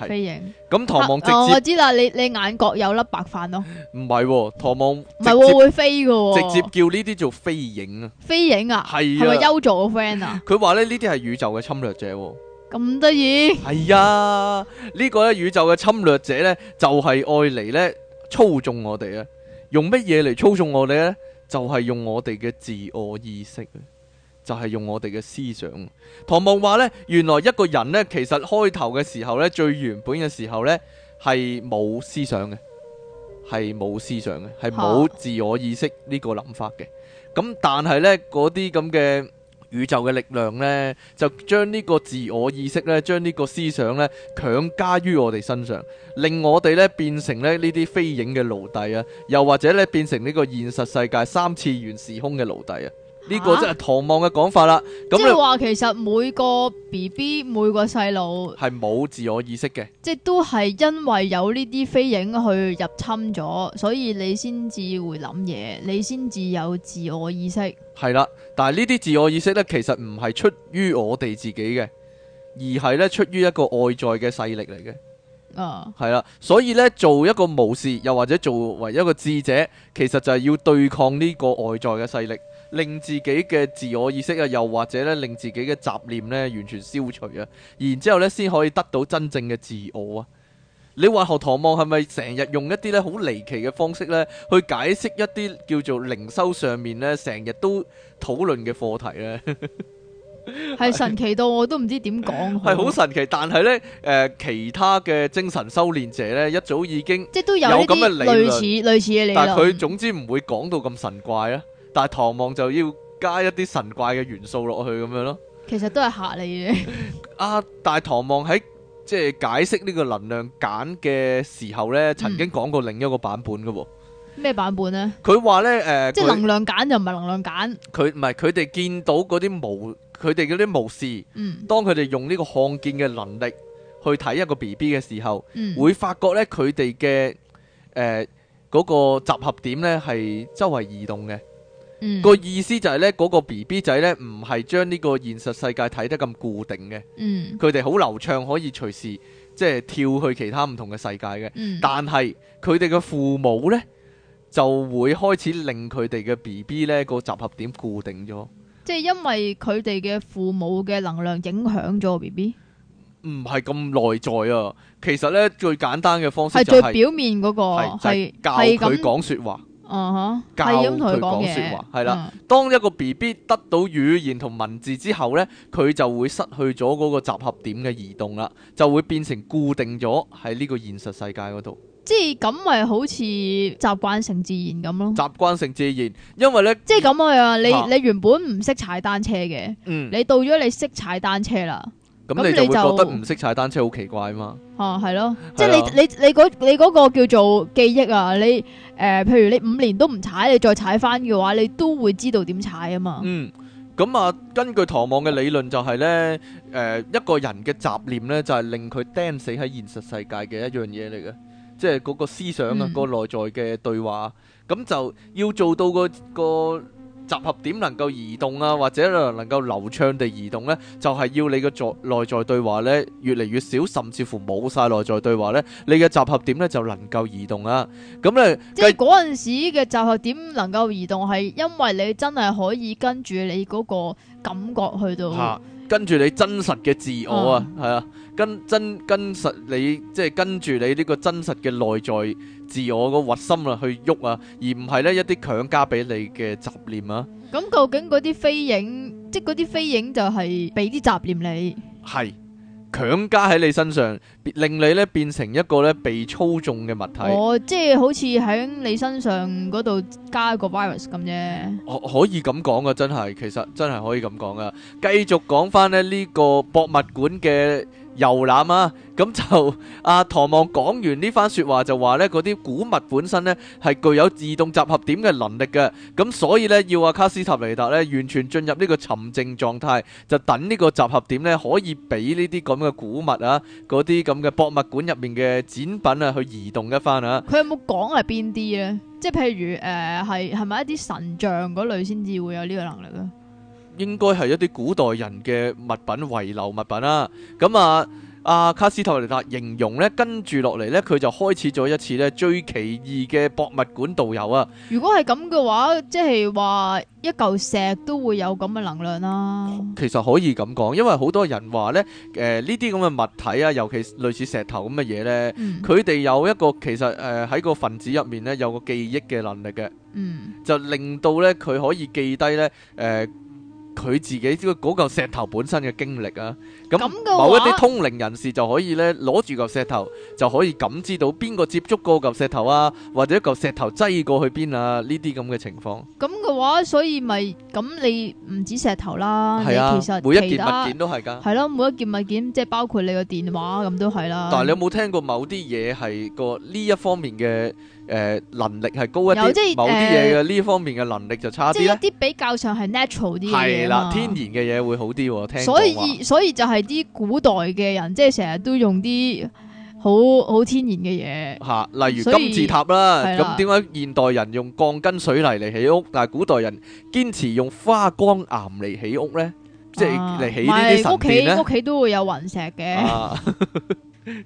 飛影咁，唐望直接，啊哦、我知啦，你你眼角有粒白飯咯、哦，唔係、哦，唐望唔係會飛噶、哦，直接叫呢啲做飛影啊，飛影啊，係咪優座個 friend 啊？佢話咧呢啲係宇宙嘅侵略者，咁得意，係啊，啊這個，呢個咧宇宙嘅侵略者咧就係愛嚟咧操縱我哋啊，用乜嘢嚟操縱我哋咧？就係、是、用我哋嘅自我意識就係用我哋嘅思想。唐望話呢，原來一個人呢，其實開頭嘅時候呢，最原本嘅時候呢，係冇思想嘅，係冇思想嘅，係冇自我意識呢個諗法嘅。咁、啊、但係呢，嗰啲咁嘅宇宙嘅力量呢，就將呢個自我意識呢，將呢個思想呢強加於我哋身上，令我哋呢變成呢呢啲飛影嘅奴隸啊，又或者呢變成呢個現實世界三次元時空嘅奴隸啊。呢個真係唐望嘅講法啦。即係話，其實每個 BB 每個細路係冇自我意識嘅，即都係因為有呢啲飛影去入侵咗，所以你先至會諗嘢，你先至有自我意識係啦。但係呢啲自我意識呢，其實唔係出於我哋自己嘅，而係呢出於一個外在嘅勢力嚟嘅。哦、啊，係啦，所以呢，做一個巫士，又或者做為一個智者，其實就係要對抗呢個外在嘅勢力。令自己嘅自我意識啊，又或者咧，令自己嘅雜念咧，完全消除啊，然之後咧先可以得到真正嘅自我啊。你話何唐望係咪成日用一啲咧，好離奇嘅方式咧，去解釋一啲叫做靈修上面咧成日都討論嘅課題咧？係 *laughs* 神奇到我都唔知點講，係好 *laughs* 神奇。但係咧，誒、呃，其他嘅精神修煉者咧一早已經即都有咁嘅類似類似嘅理論。但係佢總之唔會講到咁神怪啊。大唐望就要加一啲神怪嘅元素落去咁樣咯。其實都係嚇你嘅 *laughs* 啊！但唐望喺即係解釋呢個能量揀嘅時候呢，曾經講過另一個版本嘅喎。咩、嗯、版本呢？佢話呢，誒、呃，即係能量揀就唔係能量揀。佢唔係佢哋見到嗰啲無，佢哋嗰啲無視。嗯，當佢哋用呢個看見嘅能力去睇一個 B B 嘅時候，嗯，會發覺呢，佢哋嘅誒嗰個集合點呢係周圍移動嘅。個、嗯、意思就係呢，嗰個 B B 仔呢，唔係將呢個現實世界睇得咁固定嘅。嗯，佢哋好流暢，可以隨時即係跳去其他唔同嘅世界嘅。嗯、但係佢哋嘅父母呢，就會開始令佢哋嘅 B B 呢、嗰個集合點固定咗。即係因為佢哋嘅父母嘅能量影響咗 B B。唔係咁內在啊，其實呢，最簡單嘅方式就係、係、表面嗰、嗰個係、就係、教佢講說話。哦，係咁同佢講說話，係啦，嗯。當一個 B B 得到語言同文字之後咧，佢就會失去咗嗰個集合點嘅移動啦，就會變成固定咗喺呢個現實世界嗰度。即係咁，咪好似習慣性自然咁咯。習慣性自然，因為咧，即係咁啊！你啊你原本唔識踩單車嘅，嗯、你到咗你識踩單車啦。咁你，就你就會覺得唔識踩單車好奇怪嘛？啊，係咯，即係的的你你你嗰、那個、個叫做記憶啊，你誒、呃、譬如你五年都唔踩，你再踩翻嘅話，你都會知道點踩啊嘛嗯。嗯，咁、嗯、啊，根據《唐望》嘅理論就係、是、呢：誒、呃、一個人嘅雜念呢，就係令佢釘死喺現實世界嘅一樣嘢嚟嘅，即係嗰個思想啊，嗯、個內在嘅對話，咁就要做到個個。嗯集合點能夠移動啊，或者能夠流暢地移動呢，就係、是、要你嘅在內在對話呢越嚟越少，甚至乎冇晒內在對話呢，你嘅集合點呢就能夠移動啦、啊。咁咧，即係嗰陣時嘅集合點能夠移動，係因為你真係可以跟住你嗰個感覺去到。啊跟住你真實嘅自我啊，係啊、嗯，跟真跟實你即係跟住你呢個真實嘅內在自我個核心啊，去喐啊，而唔係呢一啲強加俾你嘅雜念啊。咁、嗯、究竟嗰啲飛影，即係嗰啲飛影就係俾啲雜念你。係。強加喺你身上，令你咧變成一個咧被操縱嘅物體。哦，oh, 即係好似喺你身上嗰度加一個 virus 咁啫。可可以咁講噶，真係其實真係可以咁講噶。繼續講翻咧呢個博物館嘅。遊覽啊，咁就阿、啊、唐望講完呢番説話就話呢，嗰啲古物本身呢係具有自動集合點嘅能力嘅，咁所以呢，要阿卡斯塔尼達呢完全進入呢個沉靜狀態，就等呢個集合點呢可以俾呢啲咁嘅古物啊，嗰啲咁嘅博物館入面嘅展品啊去移動一番啊。佢有冇講係邊啲呢？即係譬如誒係係咪一啲神像嗰類先至會有呢個能力啊？應該係一啲古代人嘅物品遺留物品啦。咁啊，阿、啊、卡斯托尼達形容呢，跟住落嚟呢，佢就開始咗一次呢最奇異嘅博物館導遊啊。如果係咁嘅話，即係話一嚿石都會有咁嘅能量啦、啊。其實可以咁講，因為好多人話呢，誒呢啲咁嘅物體啊，尤其類似石頭咁嘅嘢呢，佢哋、嗯、有一個其實誒喺、呃、個分子入面呢，有個記憶嘅能力嘅，嗯、就令到呢，佢可以記低呢。誒、呃。佢自己呢個嗰嚿石頭本身嘅經歷啊。咁、嗯、某一啲通靈人士就可以咧攞住嚿石頭，就可以感知到邊個接觸過嚿石頭啊，或者嚿石頭擠過去邊啊呢啲咁嘅情況。咁嘅話，所以咪咁你唔止石頭啦，啊、你其實其每一件物件都係噶，係咯、啊，每一件物件即係包括你個電話咁都係啦。但係你有冇聽過某啲嘢係個呢一方面嘅誒、呃、能力係高一啲，就是、某啲嘢嘅呢方面嘅能力就差啲啦。即啲比較上係 natural 啲嘢係啦，天然嘅嘢會好啲，聽所。所以所以就係、是。係啲古代嘅人，即係成日都用啲好好天然嘅嘢。吓，例如金字塔啦。咁點解現代人用鋼筋水泥嚟起屋，但係古代人堅持用花崗岩嚟起屋咧？即係嚟起呢啲神殿咧？屋企屋企都會有雲石嘅。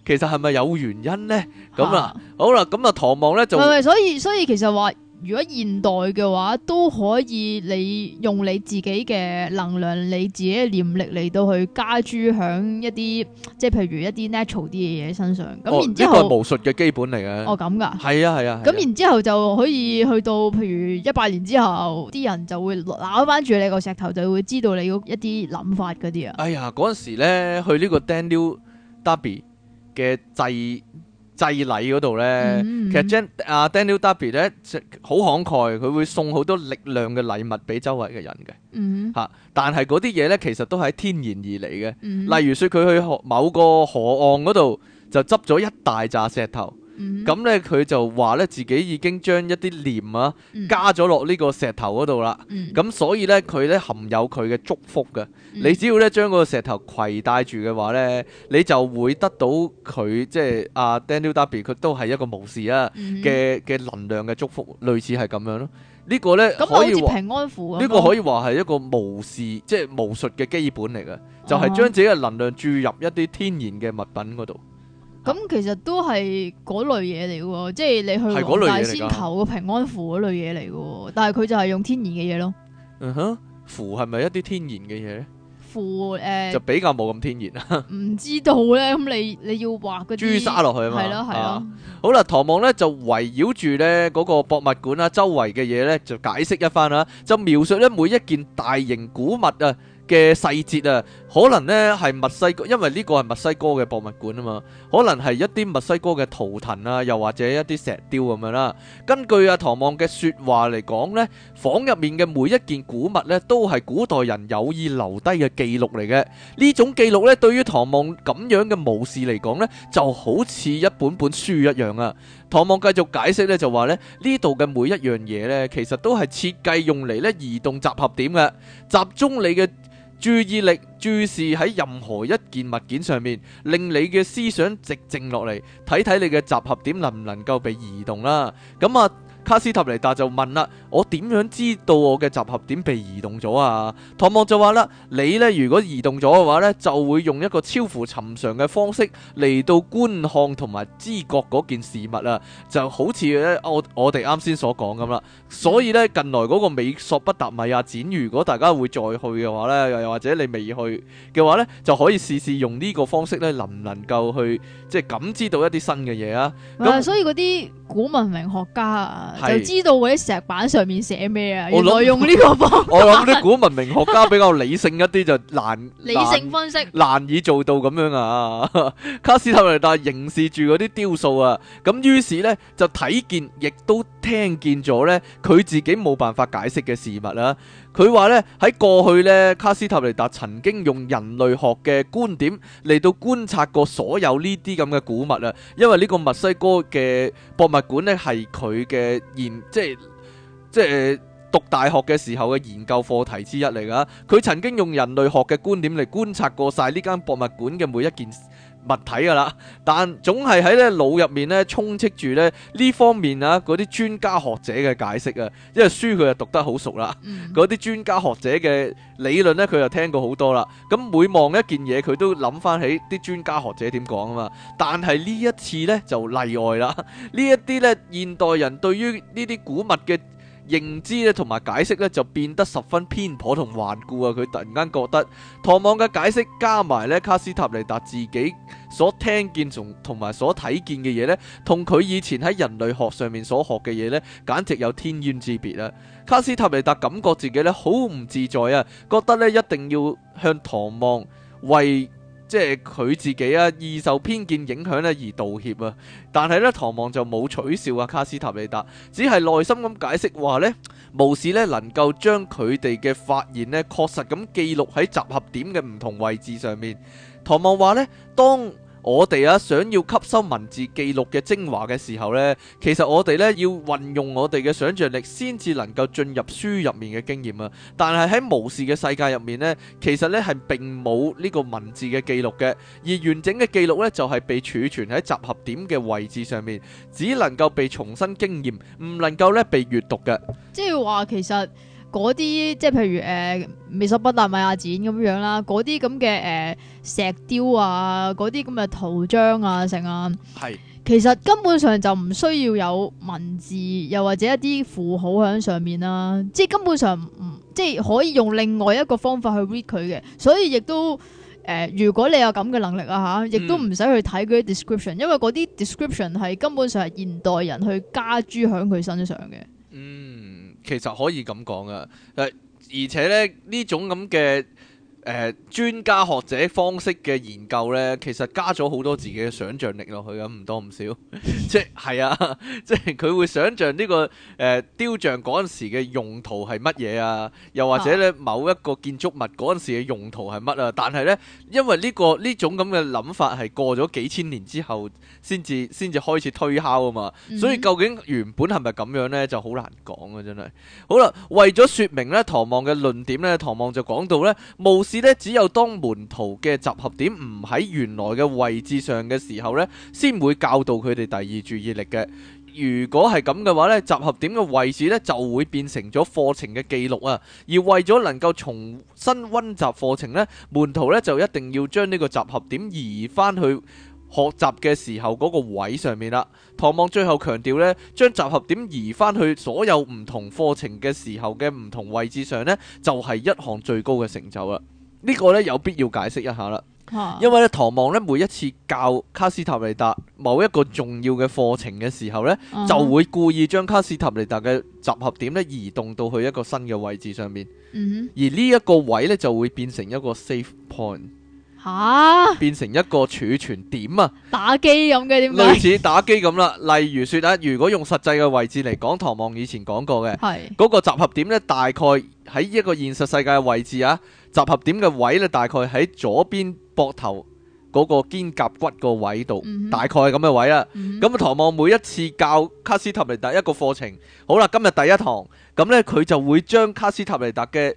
其實係咪有原因咧？咁啦，好啦，咁啊，唐望咧就，所以所以其實話。如果現代嘅話，都可以你用你自己嘅能量，你自己嘅念力嚟到去加諸喺一啲，即係譬如一啲 natural 啲嘅嘢身上。咁、哦、然之後一個巫術嘅基本嚟嘅。哦，咁噶。係啊，係啊。咁、啊啊、然之後就可以去到譬如一百年之後，啲人就會攬翻住你個石頭，就會知道你嗰一啲諗法嗰啲啊。哎呀，嗰陣時咧，去呢個 Daniel Dabie 嘅制。祭禮嗰度咧，mm hmm. 其實阿 Daniel W 咧好慷慨，佢會送好多力量嘅禮物俾周圍嘅人嘅嚇。Mm hmm. 但係嗰啲嘢咧，其實都係天然而嚟嘅。Mm hmm. 例如說，佢去河，某個河岸嗰度就執咗一大紮石頭。咁咧，佢、嗯、就話咧，自己已經將一啲念啊加咗落呢個石頭嗰度啦。咁、嗯、哼所以咧，佢咧含有佢嘅祝福嘅。嗯、哼你只要咧將嗰個石頭攜帶住嘅話咧，你就會得到佢即係阿、啊、Daniel W 佢都係一個巫師啊嘅嘅能量嘅祝福，類似係咁樣咯。呢、這個咧咁啊，好似平安符啊。呢個可以話係一個巫術，即係巫術嘅基本嚟嘅，就係、是、將自己嘅能量注入一啲天然嘅物品嗰度。咁其實都係嗰類嘢嚟嘅，即係你去黃大仙求個平安符嗰類嘢嚟嘅，但係佢就係用天然嘅嘢咯。吓、uh，huh, 符係咪一啲天然嘅嘢咧？符誒，呃、就比較冇咁天然啊。唔知道咧，咁你你要畫啲朱砂落去啊嘛。係咯係咯。好啦，唐望咧就圍繞住咧嗰個博物館啦，周圍嘅嘢咧就解釋一番啦，就描述咧每一件大型古物啊嘅細節啊。可能咧係墨西哥，因為呢個係墨西哥嘅博物館啊嘛，可能係一啲墨西哥嘅圖騰啊，又或者一啲石雕咁樣啦。根據阿唐望嘅說話嚟講咧，房入面嘅每一件古物咧，都係古代人有意留低嘅記錄嚟嘅。呢種記錄咧，對於唐望咁樣嘅武士嚟講咧，就好似一本本書一樣啊。唐望繼續解釋咧，就話咧呢度嘅每一樣嘢咧，其實都係設計用嚟咧移動集合點嘅，集中你嘅。注意力注視喺任何一件物件上面，令你嘅思想直靜落嚟，睇睇你嘅集合點能唔能夠被移動啦。咁啊，卡斯塔尼達就問啦。我點樣知道我嘅集合點被移動咗啊？唐望就話啦，你咧如果移動咗嘅話咧，就會用一個超乎尋常嘅方式嚟到觀看同埋知覺嗰件事物啊，就好似咧我我哋啱先所講咁啦。所以咧近來嗰個美索不達米亞展，如果大家會再去嘅話咧，又或者你未去嘅話咧，就可以試試用呢個方式咧，能唔能夠去即係感知到一啲新嘅嘢啊？咁所以啲古文明學家啊，就知道嗰啲石板上。上面寫咩啊？我諗呢個方，我諗啲古文明學家比較理性一啲，就難理性分析，難以做到咁樣啊。卡斯塔尼達凝視住嗰啲雕塑啊，咁於是咧就睇見，亦都聽見咗咧，佢自己冇辦法解釋嘅事物啦。佢話咧，喺過去咧，卡斯塔尼達曾經用人類學嘅觀點嚟到觀察過所有呢啲咁嘅古物啊。因為呢個墨西哥嘅博物館咧係佢嘅研，即係。即係讀大學嘅時候嘅研究課題之一嚟噶，佢曾經用人類學嘅觀點嚟觀察過晒呢間博物館嘅每一件物體噶啦，但總係喺咧腦入面咧充斥住咧呢方面啊嗰啲專家學者嘅解釋啊，因為書佢又讀得好熟啦，嗰啲，嗯、專家學者嘅理論咧佢就聽過好多啦，咁每望一件嘢佢都諗翻起啲專家學者點講啊嘛，但係呢一次呢，就例外啦，呢一啲呢，現代人對於呢啲古物嘅認知咧同埋解釋咧就變得十分偏頗同頑固啊！佢突然間覺得唐望嘅解釋加埋咧卡斯塔尼達自己所聽見同同埋所睇見嘅嘢咧，同佢以前喺人類學上面所學嘅嘢咧，簡直有天淵之別啊！卡斯塔尼達感覺自己咧好唔自在啊，覺得咧一定要向唐望為。即係佢自己啊，易受偏見影響咧而道歉啊，但係咧，唐望就冇取笑啊卡斯塔利達，只係耐心咁解釋話咧，巫師咧能夠將佢哋嘅發現咧確實咁記錄喺集合點嘅唔同位置上面。唐望話咧，當我哋啊，想要吸收文字記錄嘅精華嘅時候呢，其實我哋呢要運用我哋嘅想象力，先至能夠進入書入面嘅經驗啊。但係喺無事嘅世界入面呢，其實呢係並冇呢個文字嘅記錄嘅，而完整嘅記錄呢就係被儲存喺集合點嘅位置上面，只能夠被重新經驗，唔能夠呢被閱讀嘅。即係話其實。嗰啲即係譬如誒美索不達米亞展咁樣啦，嗰啲咁嘅誒石雕啊，嗰啲咁嘅圖章啊，成啊，係是其實根本上就唔需要有文字，又或者一啲符號喺上面啦，即係根本上唔即係可以用另外一個方法去 read 佢嘅，所以亦都誒、呃，如果你有咁嘅能力啊嚇，亦都唔使去睇佢啲 description，、嗯、因為嗰啲 description 係根本上係現代人去加諸喺佢身上嘅。其實可以咁講㗎，誒，而且咧呢種咁嘅，誒、呃、專家學者方式嘅研究咧，其實加咗好多自己嘅想象力落去嘅，唔多唔少。 *laughs* 即係啊，即係佢會想象呢、這個誒、呃、雕像嗰陣時嘅用途係乜嘢啊？又或者咧某一個建築物嗰陣時嘅用途係乜啊？但係咧，因為呢、這個呢種咁嘅諗法係過咗幾千年之後先至先至開始推敲啊嘛，嗯、哼所以究竟原本係咪咁樣咧，就好難講啊！真係好啦，為咗說明咧，唐望嘅論點咧，唐望就講到咧，只有當門徒嘅集合點唔喺原來嘅位置上嘅時候呢，先會教導佢哋第二注意力嘅。如果係咁嘅話呢，集合點嘅位置呢就會變成咗課程嘅記錄啊。而為咗能夠重新溫習課程呢，門徒呢就一定要將呢個集合點移翻去學習嘅時候嗰個位上面啦。唐望最後強調呢，將集合點移翻去所有唔同課程嘅時候嘅唔同位置上呢，就係一項最高嘅成就啦。呢個咧有必要解釋一下啦，因為咧，唐望咧每一次教卡斯塔尼達某一個重要嘅課程嘅時候咧，uh huh. 就會故意將卡斯塔尼達嘅集合點咧移動到去一個新嘅位置上面，uh huh. 而呢一個位咧就會變成一個 safe point，吓、uh，huh. 變成一個儲存點啊，打機咁嘅點，樣類似打機咁啦。 *laughs* 例如說啊，如果用實際嘅位置嚟講，唐望以前講過嘅，係嗰、uh huh. 個集合點咧，大概喺一個現實世界嘅位置啊。集合點嘅位咧，大概喺左邊膊頭嗰個肩胛骨個位度，mm hmm. 大概係咁嘅位啦。咁、mm hmm. 唐望每一次教卡斯塔尼達一個課程，好啦，今日第一堂，咁呢，佢就會將卡斯塔尼達嘅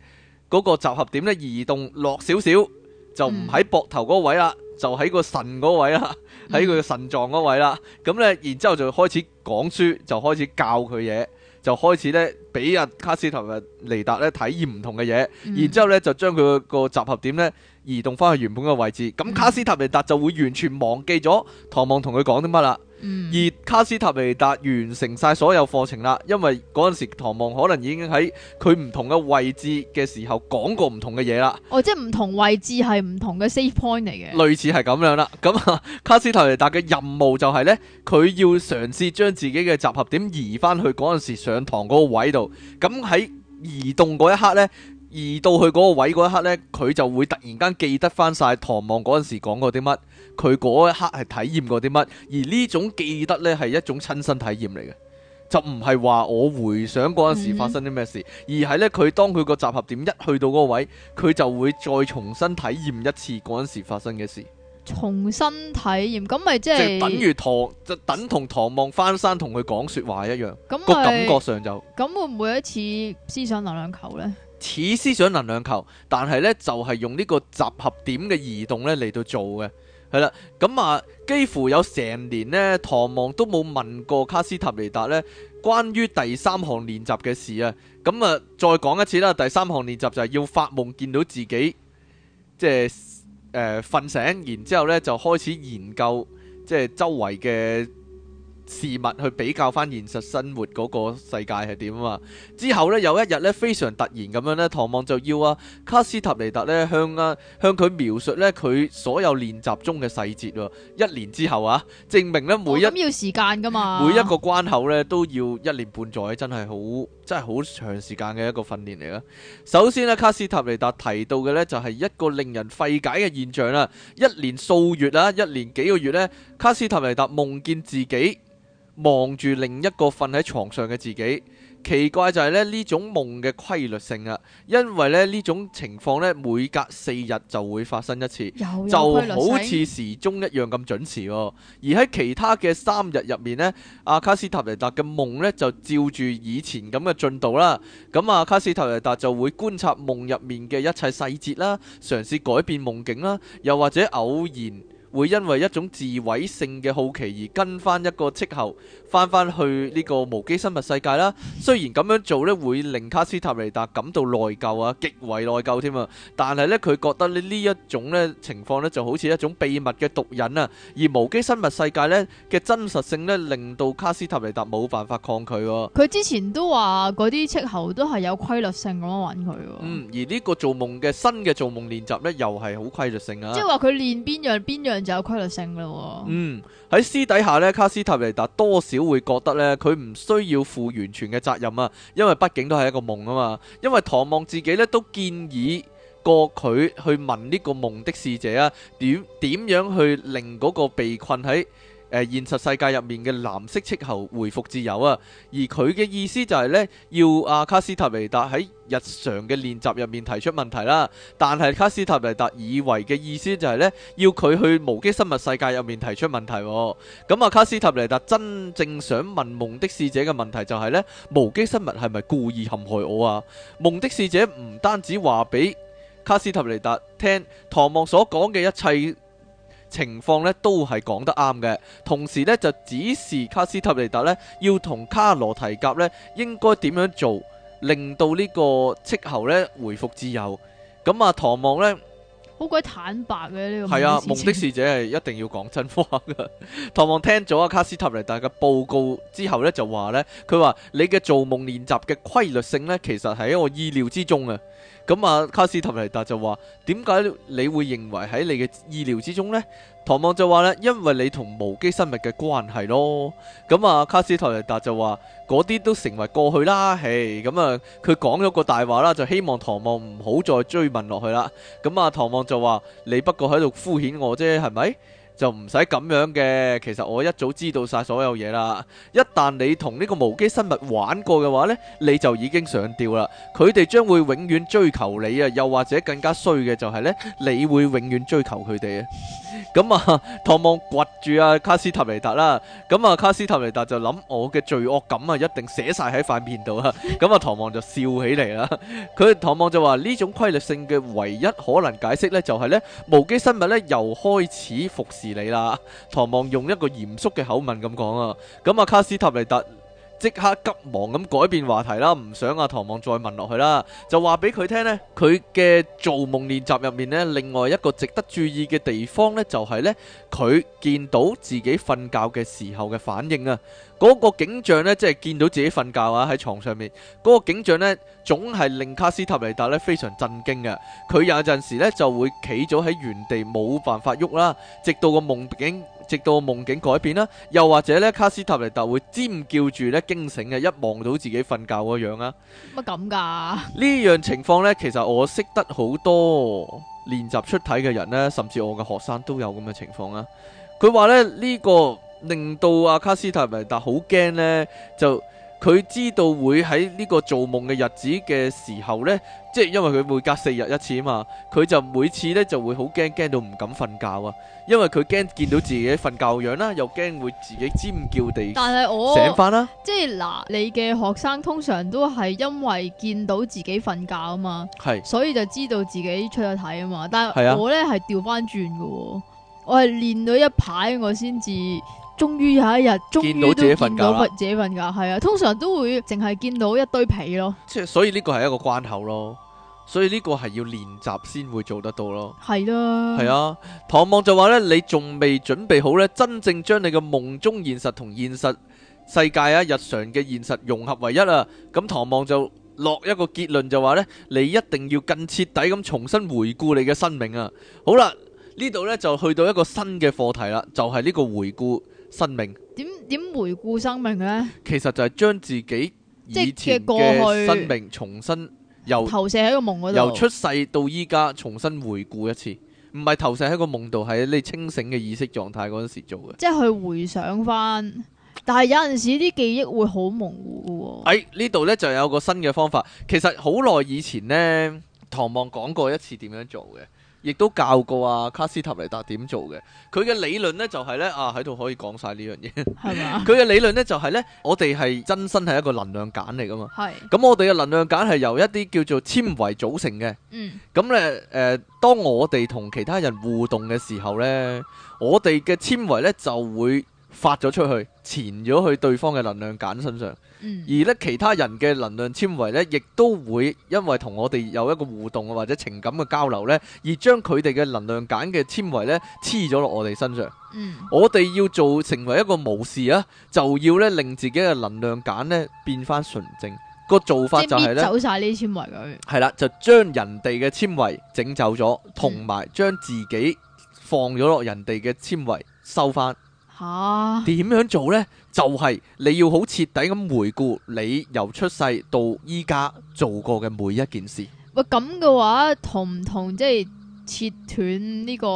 嗰個集合點呢移動落少少，就唔喺膊頭嗰位啦，就喺個腎嗰位啦，喺佢嘅腎臟嗰位啦。咁呢，然之後就開始講書，就開始教佢嘢，就開始呢。俾阿卡斯塔尼達咧體驗唔同嘅嘢，然之後咧就將佢個集合點咧移動翻去原本嘅位置，咁卡斯塔尼達就會完全忘記咗唐望同佢講啲乜啦。而卡斯塔尼達完成晒所有課程啦，因為嗰陣時唐望可能已經喺佢唔同嘅位置嘅時候講過唔同嘅嘢啦。哦，即係唔同位置係唔同嘅 safe point 嚟嘅。類似係咁樣啦。咁卡斯塔尼達嘅任務就係呢：佢要嘗試將自己嘅集合點移翻去嗰陣時上堂嗰個位度。咁喺移動嗰一刻呢。而到去嗰個位嗰一刻呢，佢就會突然間記得翻晒唐望嗰陣時講過啲乜，佢嗰一刻係體驗過啲乜。而呢種記得呢係一種親身體驗嚟嘅，就唔係話我回想嗰陣時發生啲咩事，嗯、而係呢，佢當佢個集合點一去到嗰位，佢就會再重新體驗一次嗰陣時發生嘅事。重新體驗咁咪即係等於就等同唐望翻山同佢講説話一樣，就是、個感覺上就咁會唔會一次思想能量球呢？似思想能量球，但係呢就係、是、用呢個集合點嘅移動呢嚟到做嘅係啦。咁啊，幾乎有成年呢，唐望都冇問過卡斯塔尼達呢關於第三項練習嘅事啊。咁啊，再講一次啦，第三項練習就係要發夢見到自己，即係呃瞓，醒，然之後呢就開始研究即係、就是、周圍嘅。事物去比較翻現實生活嗰個世界係點啊？之後咧有一日咧，非常突然咁樣咧，唐望就要啊卡斯塔尼特呢向啊向佢描述呢佢所有練習中嘅細節喎。一年之後啊，證明呢每一，哦，咁要時間噶嘛，每一個關口呢都要一年半載，真係好。真係好長時間嘅一個訓練嚟啦。首先呢，卡斯塔尼達提到嘅呢就係一個令人費解嘅現象啦。一年數月啊，一年幾個月呢，卡斯塔尼達夢見自己望住另一個瞓喺床上嘅自己。奇怪就係咧呢種夢嘅規律性啦，因為咧呢種情況咧每隔四日就會發生一次，就好似時鐘一樣咁準時。而喺其他嘅三日入面呢，阿卡斯塔尼達嘅夢呢，就照住以前咁嘅進度啦。咁啊，卡斯塔尼達就，就會觀察夢入面嘅一切細節啦，嘗試改變夢境啦，又或者偶然。會因為一種自毀性嘅好奇而跟翻一個斥候，翻翻去呢個無機生物世界啦。雖然咁樣做咧，會令卡斯塔尼達感到內疚啊，極為內疚添啊。但係呢，佢覺得咧呢一種咧情況咧，就好似一種秘密嘅毒癮啊。而無機生物世界呢嘅真實性呢，令到卡斯塔尼達冇辦法抗拒。佢之前都話嗰啲斥候都係有規律性咁樣揾佢。嗯，而呢個做夢嘅新嘅做夢練習呢，又係好規律性啊。即係話佢練邊樣邊樣。就有規律性噶咯喎。嗯，喺私底下呢，卡斯塔尼達多少會覺得呢，佢唔需要負完全嘅責任啊，因為畢竟都係一個夢啊嘛。因為唐望自己呢，都建議過佢去問呢個夢的使者啊，點點樣去令嗰個被困喺。誒現實世界入面嘅藍色斥候回復自由啊，而佢嘅意思就係呢：要阿卡斯塔尼達喺日常嘅練習入面提出問題啦。但係卡斯塔尼達以為嘅意思就係呢：要佢去無機生物世界入面提出問題。咁啊，卡斯塔尼達，達真正想問夢的使者嘅問題就係、是、呢：無機生物係咪故意陷害我啊？夢的使者唔單止話俾卡斯塔尼達聽，唐望所講嘅一切。情況呢都係講得啱嘅，同時呢，就指示卡斯塔尼達呢要同卡羅提甲呢應該點樣做，令到呢個斥候呢回復自由。咁啊，唐望呢。好鬼坦白嘅呢個係啊，夢的使者係 *laughs* 一定要講真話嘅。唐 *laughs* 望聽咗阿、啊、卡斯塔尼達嘅報告之後咧，就話咧，佢話你嘅做夢練習嘅規律性咧，其實係喺我意料之中啊。咁啊，卡斯塔尼達就話：點解你會認為喺你嘅意料之中咧？唐望就話咧，因為你同無機生物嘅關係咯，咁啊，卡斯托尼達就話，嗰啲都成為過去啦，嘿，咁啊佢講咗個大話啦，就希望唐望唔好再追問落去啦，咁啊唐望就話，你不過喺度敷衍我啫，係咪？就唔使咁樣嘅，其實我一早知道晒所有嘢啦。一旦你同呢個無機生物玩過嘅話咧，你就已經上吊啦。佢哋將會永遠追求你啊，又或者更加衰嘅就係咧，你會永遠追求佢哋啊。咁啊，唐望掘住啊卡斯特尼達啦，咁啊卡斯特尼達就諗我嘅罪惡感啊一定寫晒喺塊面度啊。咁啊唐望就笑起嚟啦，佢唐望就話呢種規律性嘅唯一可能解釋咧就係咧無機生物咧又開始服侍。你啦，唐望用一個嚴肅嘅口吻咁講啊，咁啊卡斯塔尼達。即刻急忙咁改變話題啦，唔想阿唐望再問落去啦，就話俾佢聽咧，佢嘅做夢練習入面咧，另外一個值得注意嘅地方咧，就係咧，佢見到自己瞓覺嘅時候嘅反應啊，嗰個景象咧，即係見到自己瞓覺啊喺牀上面，嗰個景象咧，總係令卡斯塔尼達咧非常震驚嘅，佢有陣時咧就會企咗喺原地冇辦法喐啦，直到個夢境。直到夢境改變啦，又或者咧，卡斯塔尼達會尖叫住咧驚醒嘅，一望到自己瞓覺個樣啊，乜咁噶？呢樣情況呢，其實我識得好多練習出體嘅人咧，甚至我嘅學生都有咁嘅情況啦。佢話咧呢個令到阿卡斯塔尼達好驚呢。就。佢知道會喺呢個做夢嘅日子嘅時候呢，即係因為佢每隔四日一次啊嘛，佢就每次呢就會好驚，驚到唔敢瞓覺啊，因為佢驚見到自己瞓覺樣啦，又驚會自己尖叫地但係我，醒翻啦。即係嗱，你嘅學生通常都係因為見到自己瞓覺啊嘛，係是，所以就知道自己出咗體啊嘛。但係、啊、我呢係調翻轉嘅，我係練到一排我先至。終於有一日，終於見到自己瞓覺，覺。見到自己瞓覺，係啊，通常都會淨係見到一堆被咯。即係所以呢個係一個關口咯，所以呢個係要練習先會做得到咯。係啦，係啊。唐望就話呢：「你仲未準備好呢，真正將你嘅夢中現實同現實世界啊，日常嘅現實融合為一啊。」咁唐望就落一個結論就話呢：「你一定要更徹底咁重新回顧你嘅生命啊。」好啦，呢度呢就去到一個新嘅課題啦，就係、是、呢個回顧。生命點點回顧生命呢？其實就係將自己以前嘅過去生命重新由投射喺個夢嗰度，由出世到依家重新回顧一次，唔係投射喺個夢度，係你清醒嘅意識狀態嗰陣時做嘅。即係去回想翻，但係有陣時啲記憶會好模糊嘅喎。喺呢度呢，就有個新嘅方法，其實好耐以前呢。唐望講過一次點樣做嘅，亦都教過阿、啊、卡斯塔尼達點做嘅。佢嘅理論呢，就係、是、呢，啊喺度可以講晒呢樣嘢。佢嘅嗎理論呢，就係、是、呢，我哋係真身係一個能量繭嚟㗎嘛。咁是我哋嘅能量繭係由一啲叫做纖維組成嘅。咁咧誒，當我哋同其他人互動嘅時候呢，我哋嘅纖維呢就會。發咗出去，纏咗去對方嘅能量繭身上，嗯、而咧其他人嘅能量纖維呢，亦都會因為同我哋有一個互動啊，或者情感嘅交流呢，而將佢哋嘅能量繭嘅纖維呢黐咗落我哋身上。嗯、我哋要做成為一個武士啊，就要呢令自己嘅能量繭呢變翻純正。個做法就係呢，走晒呢啲纖維咁樣，係啦，就將人哋嘅纖維整走咗，同埋將自己放咗落人哋嘅纖維收翻。哦，點樣做呢？就係你要好徹底咁回顧你由出世到依家做過嘅每一件事。喂，咁嘅話同唔同即係切斷呢個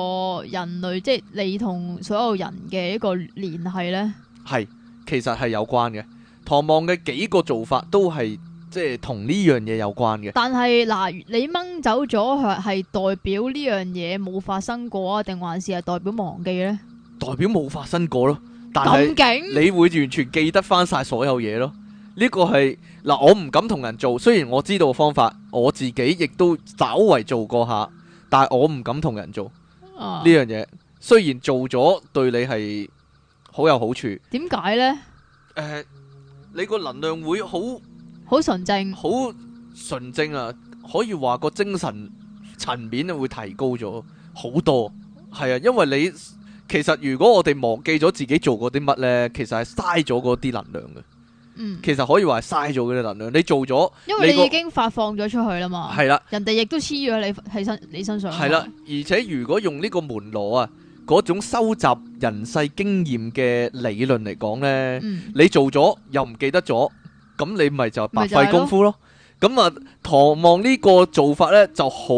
人類，即係你同所有人嘅一個聯繫呢？係，其實係有關嘅。唐望嘅幾個做法都係即係同呢樣嘢有關嘅。但係嗱，你掹走咗係代表呢樣嘢冇發生過啊？定還是係代表忘記呢？代表冇發生過咯，但係你會完全記得返晒所有嘢咯。呢、這個係嗱，我唔敢同人做，雖然我知道方法，我自己亦都稍為做過下，但係我唔敢同人做呢、啊、樣嘢。雖然做咗對你係好有好處，點解呢？呃、你個能量會好好純淨，好純淨啊！可以話個精神層面會提高咗好多，係啊，因為你。其實如果我哋忘記咗自己做過啲乜呢，其實係嘥咗嗰啲能量嘅。嗯，其實可以話係嘥咗嗰啲能量。你做咗，因為你已經發放咗出去啦嘛。係啦，人哋亦都黐咗你喺身你身上。係啦，而且如果用呢個門羅啊嗰種收集人世經驗嘅理論嚟講呢，你做咗又唔記得咗，咁你咪就白費功夫咯。咁啊，唐望呢個做法呢就好，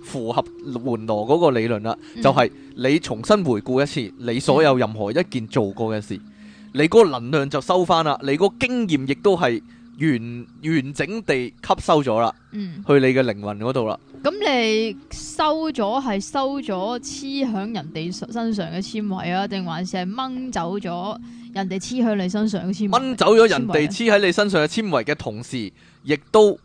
符合門羅嗰個理論啦，嗯、就係你重新回顧一次你所有任何一件做過嘅事，嗯、你嗰個能量就收翻啦，你嗰個經驗亦都係完完整地吸收咗啦，嗯，去你嘅靈魂嗰度啦。咁、嗯、你收咗係收咗黐喺人哋身上嘅纖維啊，定還是係掹走咗人哋黐喺你身上嘅纖維？掹走咗人哋黐喺你身上嘅纖維嘅同時，亦都。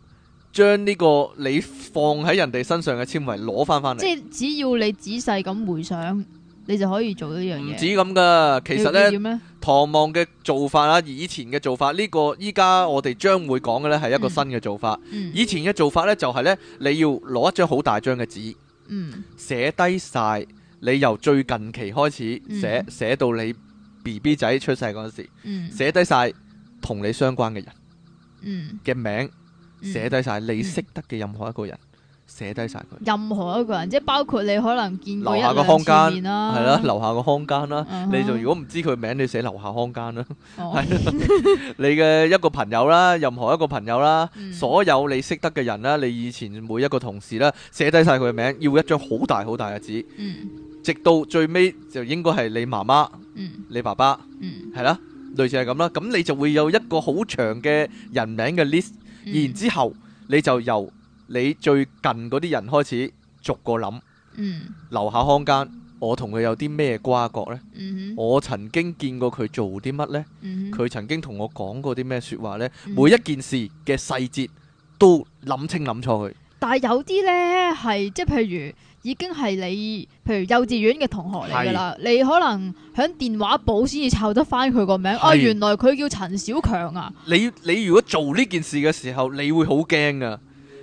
將呢個你放喺人哋身上嘅纖維攞翻翻嚟，即係只要你仔細咁回想，你就可以做呢樣嘢。唔止咁噶，其實咧，唐望嘅做法啊，以前嘅做法，呢個依家我哋將會講嘅咧係一個新嘅做法。以前嘅做法咧，這個嗯嗯，就係咧，你要攞一張好大張嘅紙，嗯、寫低晒你由最近期開始寫，嗯、寫到你 BB 仔出世嗰陣時，嗯、寫低晒同你相關嘅人嘅名。嗯嗯寫低晒你識得嘅任何一個人，寫低晒佢。任何一個人，即係包括你可能見過一兩次面啦、啊，係啦，樓下個空間啦、啊，uh huh. 你就如果唔知佢名，你寫樓下空間啦。係你嘅一個朋友啦、啊，任何一個朋友啦、啊，嗯、所有你識得嘅人啦、啊，你以前每一個同事啦、啊，寫低晒佢嘅名，要一張好大好大嘅紙。嗯、直到最尾就應該係你媽媽，嗯、你爸爸，嗯，係啦，類似係咁啦。咁你就會有一個好長嘅人名嘅 list。然之後，你就由你最近嗰啲人開始逐個諗，嗯、留下空間。我同佢有啲咩瓜葛呢？嗯、哼我曾經見過佢做啲乜呢？佢、嗯、哼曾經同我講過啲咩説話呢？嗯、哼每一件事嘅細節都諗清諗錯佢。但係有啲呢係，即係譬如。已經係你，譬如幼稚園嘅同學嚟㗎啦。是你可能響電話簿先至抄得翻佢個名。啊是、哎，原來佢叫陳小強啊！你你如果做呢件事嘅時候，你會好驚啊，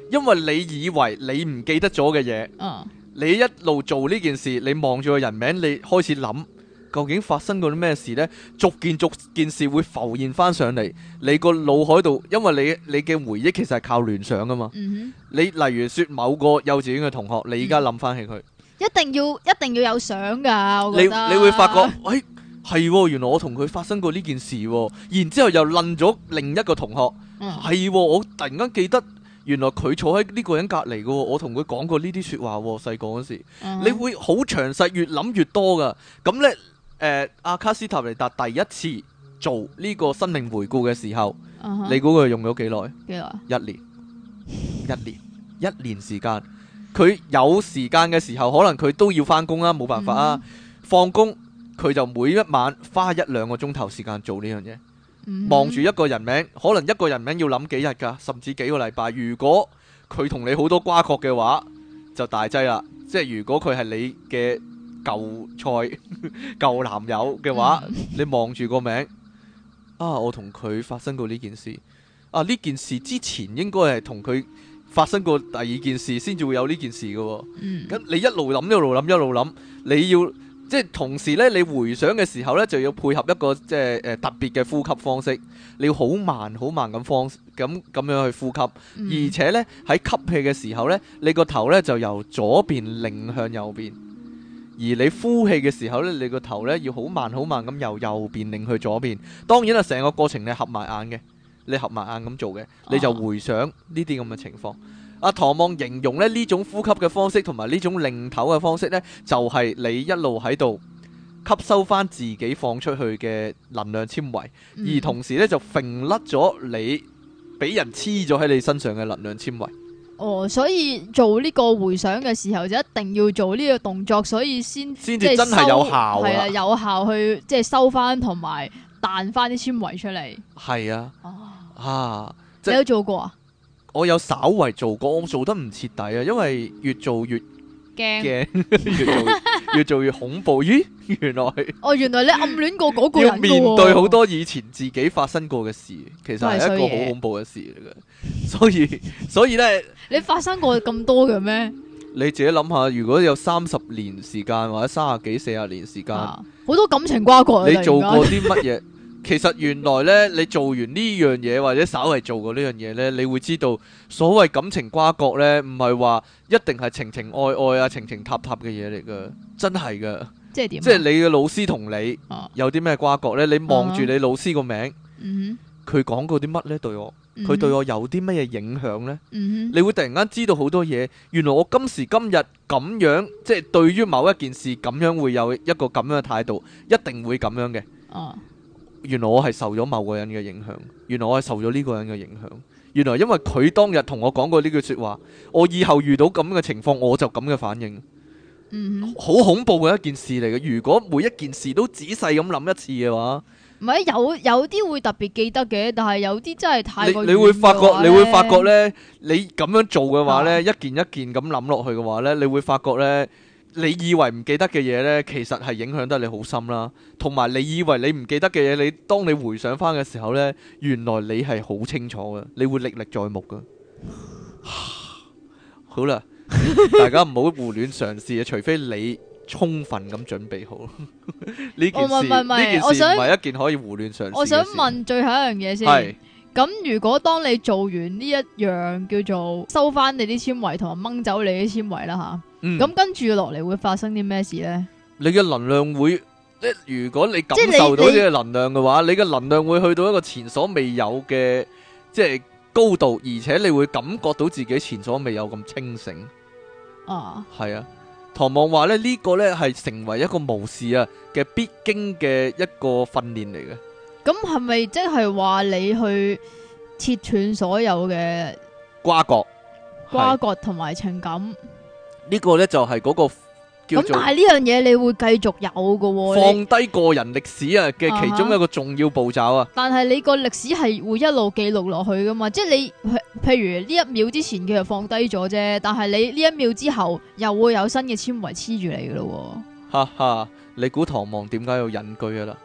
因為你以為你唔記得咗嘅嘢。嗯，你一路做呢件事，你望住個人名，你開始諗。究竟發生過啲咩事呢？逐件逐件事會浮現翻上嚟，你個腦海度，因為你你嘅回憶其實係靠聯想噶嘛。嗯、哼你例如說某個幼稚園嘅同學，你而家諗翻起佢，嗯，一定要一定要有相噶。你你會發覺， *laughs* 哎，係、哦，原來我同佢發生過呢件事，哦，然之後又論咗另一個同學，係、嗯哼哦，我突然間記得，原來佢坐喺呢個人隔籬噶，我同佢講過呢啲說話，哦。細個嗰時，時，嗯、哼你會好詳細，越諗越多噶。咁咧。誒，阿卡斯塔尼達第一次做呢個生命回顧嘅時候，你估佢用咗幾耐？幾耐？一年，一年，一年時間。佢有時間嘅時候，可能佢都要翻工啦，冇辦法啊。放工佢就每一晚花一兩個鐘頭時間做呢樣嘢，望住一個人名，可能一個人名要諗幾日噶，甚至幾個禮拜。如果佢同你好多瓜葛嘅話，就大劑啦。即係如果佢係你嘅。舊菜舊男友嘅話， *laughs* 你望住個名啊，我同佢發生過呢件事啊。呢件事之前應該係同佢發生過第二件事，先至會有呢件事嘅。嗯，咁你一路諗一路諗一路諗，你要即係同時呢，你回想嘅時候呢，就要配合一個即係、呃、特別嘅呼吸方式，你要好慢好慢嘅方式，咁樣咁樣去呼吸， *laughs* 而且呢，喺吸氣嘅時候呢，你個頭呢就由左邊擰向右邊。而你呼氣嘅時候咧，你個頭咧要好慢好慢咁由右邊擰去左邊。當然啊，成個過程你合埋眼嘅，你合埋眼咁做嘅，你就回想呢啲咁嘅情況。阿唐望形容咧呢種呼吸嘅方式，同埋呢種擰頭嘅方式咧，就係你一路喺度吸收翻自己放出去嘅能量纖維，而同時咧就揈甩咗你俾人黐咗喺你身上嘅能量纖維。哦，所以做呢個回想嘅時候就一定要做呢個動作，所以先先至真係有效收，係啊，有效去即係收翻同埋彈翻啲纖維出嚟。係啊，啊，啊即你有做過啊？我有稍微做過，我做得唔徹底啊，因為越做越。驚，害 *laughs* 做越做越恐怖。咦， *laughs* 原來哦，原來你暗戀過嗰個人。要面對好多以前自己發生過嘅事，其實係一個好恐怖嘅事嚟嘅。所以，所以咧， *laughs* 你發生過咁多嘅咩？你自己諗下，如果有三十年時間或者三十幾四十年時間，啊、好多感情瓜葛。你做過啲乜嘢？其實原來咧，你做完呢樣嘢，或者稍微做過呢樣嘢咧，你會知道所謂感情瓜葛咧，唔係話一定係情情愛愛啊、情情塔塔嘅嘢嚟噶，真係噶。即係點？即係你嘅老師同你有啲咩瓜葛咧？你望住你老師個名，佢講過啲乜咧？對我，佢對我有啲乜嘢影響咧？你會突然間知道好多嘢。原來我今時今日咁樣，即係對於某一件事咁樣會有一個咁樣嘅態度，一定會咁樣嘅。原來我係受咗某個人嘅影響，原來我係受咗呢個人嘅影響，原來因為佢當日同我講過呢句說話，我以後遇到咁嘅情況我就咁嘅反應，嗯哼，好恐怖嘅一件事嚟嘅。如果每一件事都仔細咁諗一次嘅話，唔係有，有啲會特別記得嘅，但係有啲真係太你，你會發覺，你會發覺呢，你咁樣做嘅話呢，一件一件咁諗落去嘅話呢，你會發覺呢。你以為唔記得嘅嘢呢，其實係影響得你好深啦。同埋你以為你唔記得嘅嘢，你當你回想翻嘅時候呢，原來你係好清楚嘅，你會歷歷在目噶。好啦， *laughs* 大家唔好胡亂嘗試啊，除非你充分咁準備好呢 *laughs* 件事。唔係唔係，我想唔係一件可以胡亂嘗試。我想問最後一樣嘢先。咁如果當你做完呢一樣叫做收翻你啲纖維同埋掹走你啲纖維啦吓，咁跟住落嚟會發生啲咩事呢？你嘅能量會，如果你感受到呢個能量嘅話，你嘅能量會去到一個前所未有嘅即係高度，而且你會感覺到自己前所未有咁清醒。啊，係啊，唐望話咧呢個呢係成為一個武士啊嘅必經嘅一個訓練嚟嘅。咁係咪即係話你去切斷所有嘅瓜葛、瓜葛同埋情感？呢個呢，就係嗰個叫做咁，但係呢樣嘢你會繼續有嘅喎、哦。放低個人歷史啊嘅其中一個重要步驟啊、uh！Huh，但係你個歷史係會一路記錄落去噶嘛？即、就、係、是、你譬如呢一秒之前佢就放低咗啫，但係你呢一秒之後又會有新嘅纖維黐住你噶咯、哦。哈哈， *laughs* 你估唐望點解要隱居啊啦？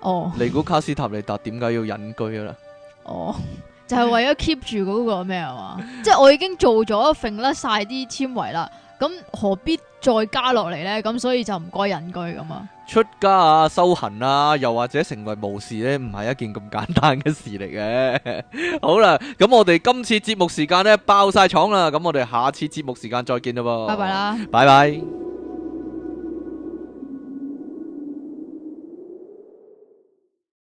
哦，你估卡斯塔尼達點解要隱居啦？哦，就係、是、為咗 keep 住嗰個咩啊嘛， *laughs* 即係我已經做咗甩晒啲纖維啦，咁何必再加落嚟呢？咁所以就唔該隱居咁啊。 *laughs* 出家啊，修行啊，又或者成為巫士呢，唔係一件咁簡單嘅事嚟嘅。 *laughs* 好啦，咁我哋今次節目時間呢，爆晒廠啦，咁我哋下次節目時間再見啦，啵。拜拜啦，拜拜。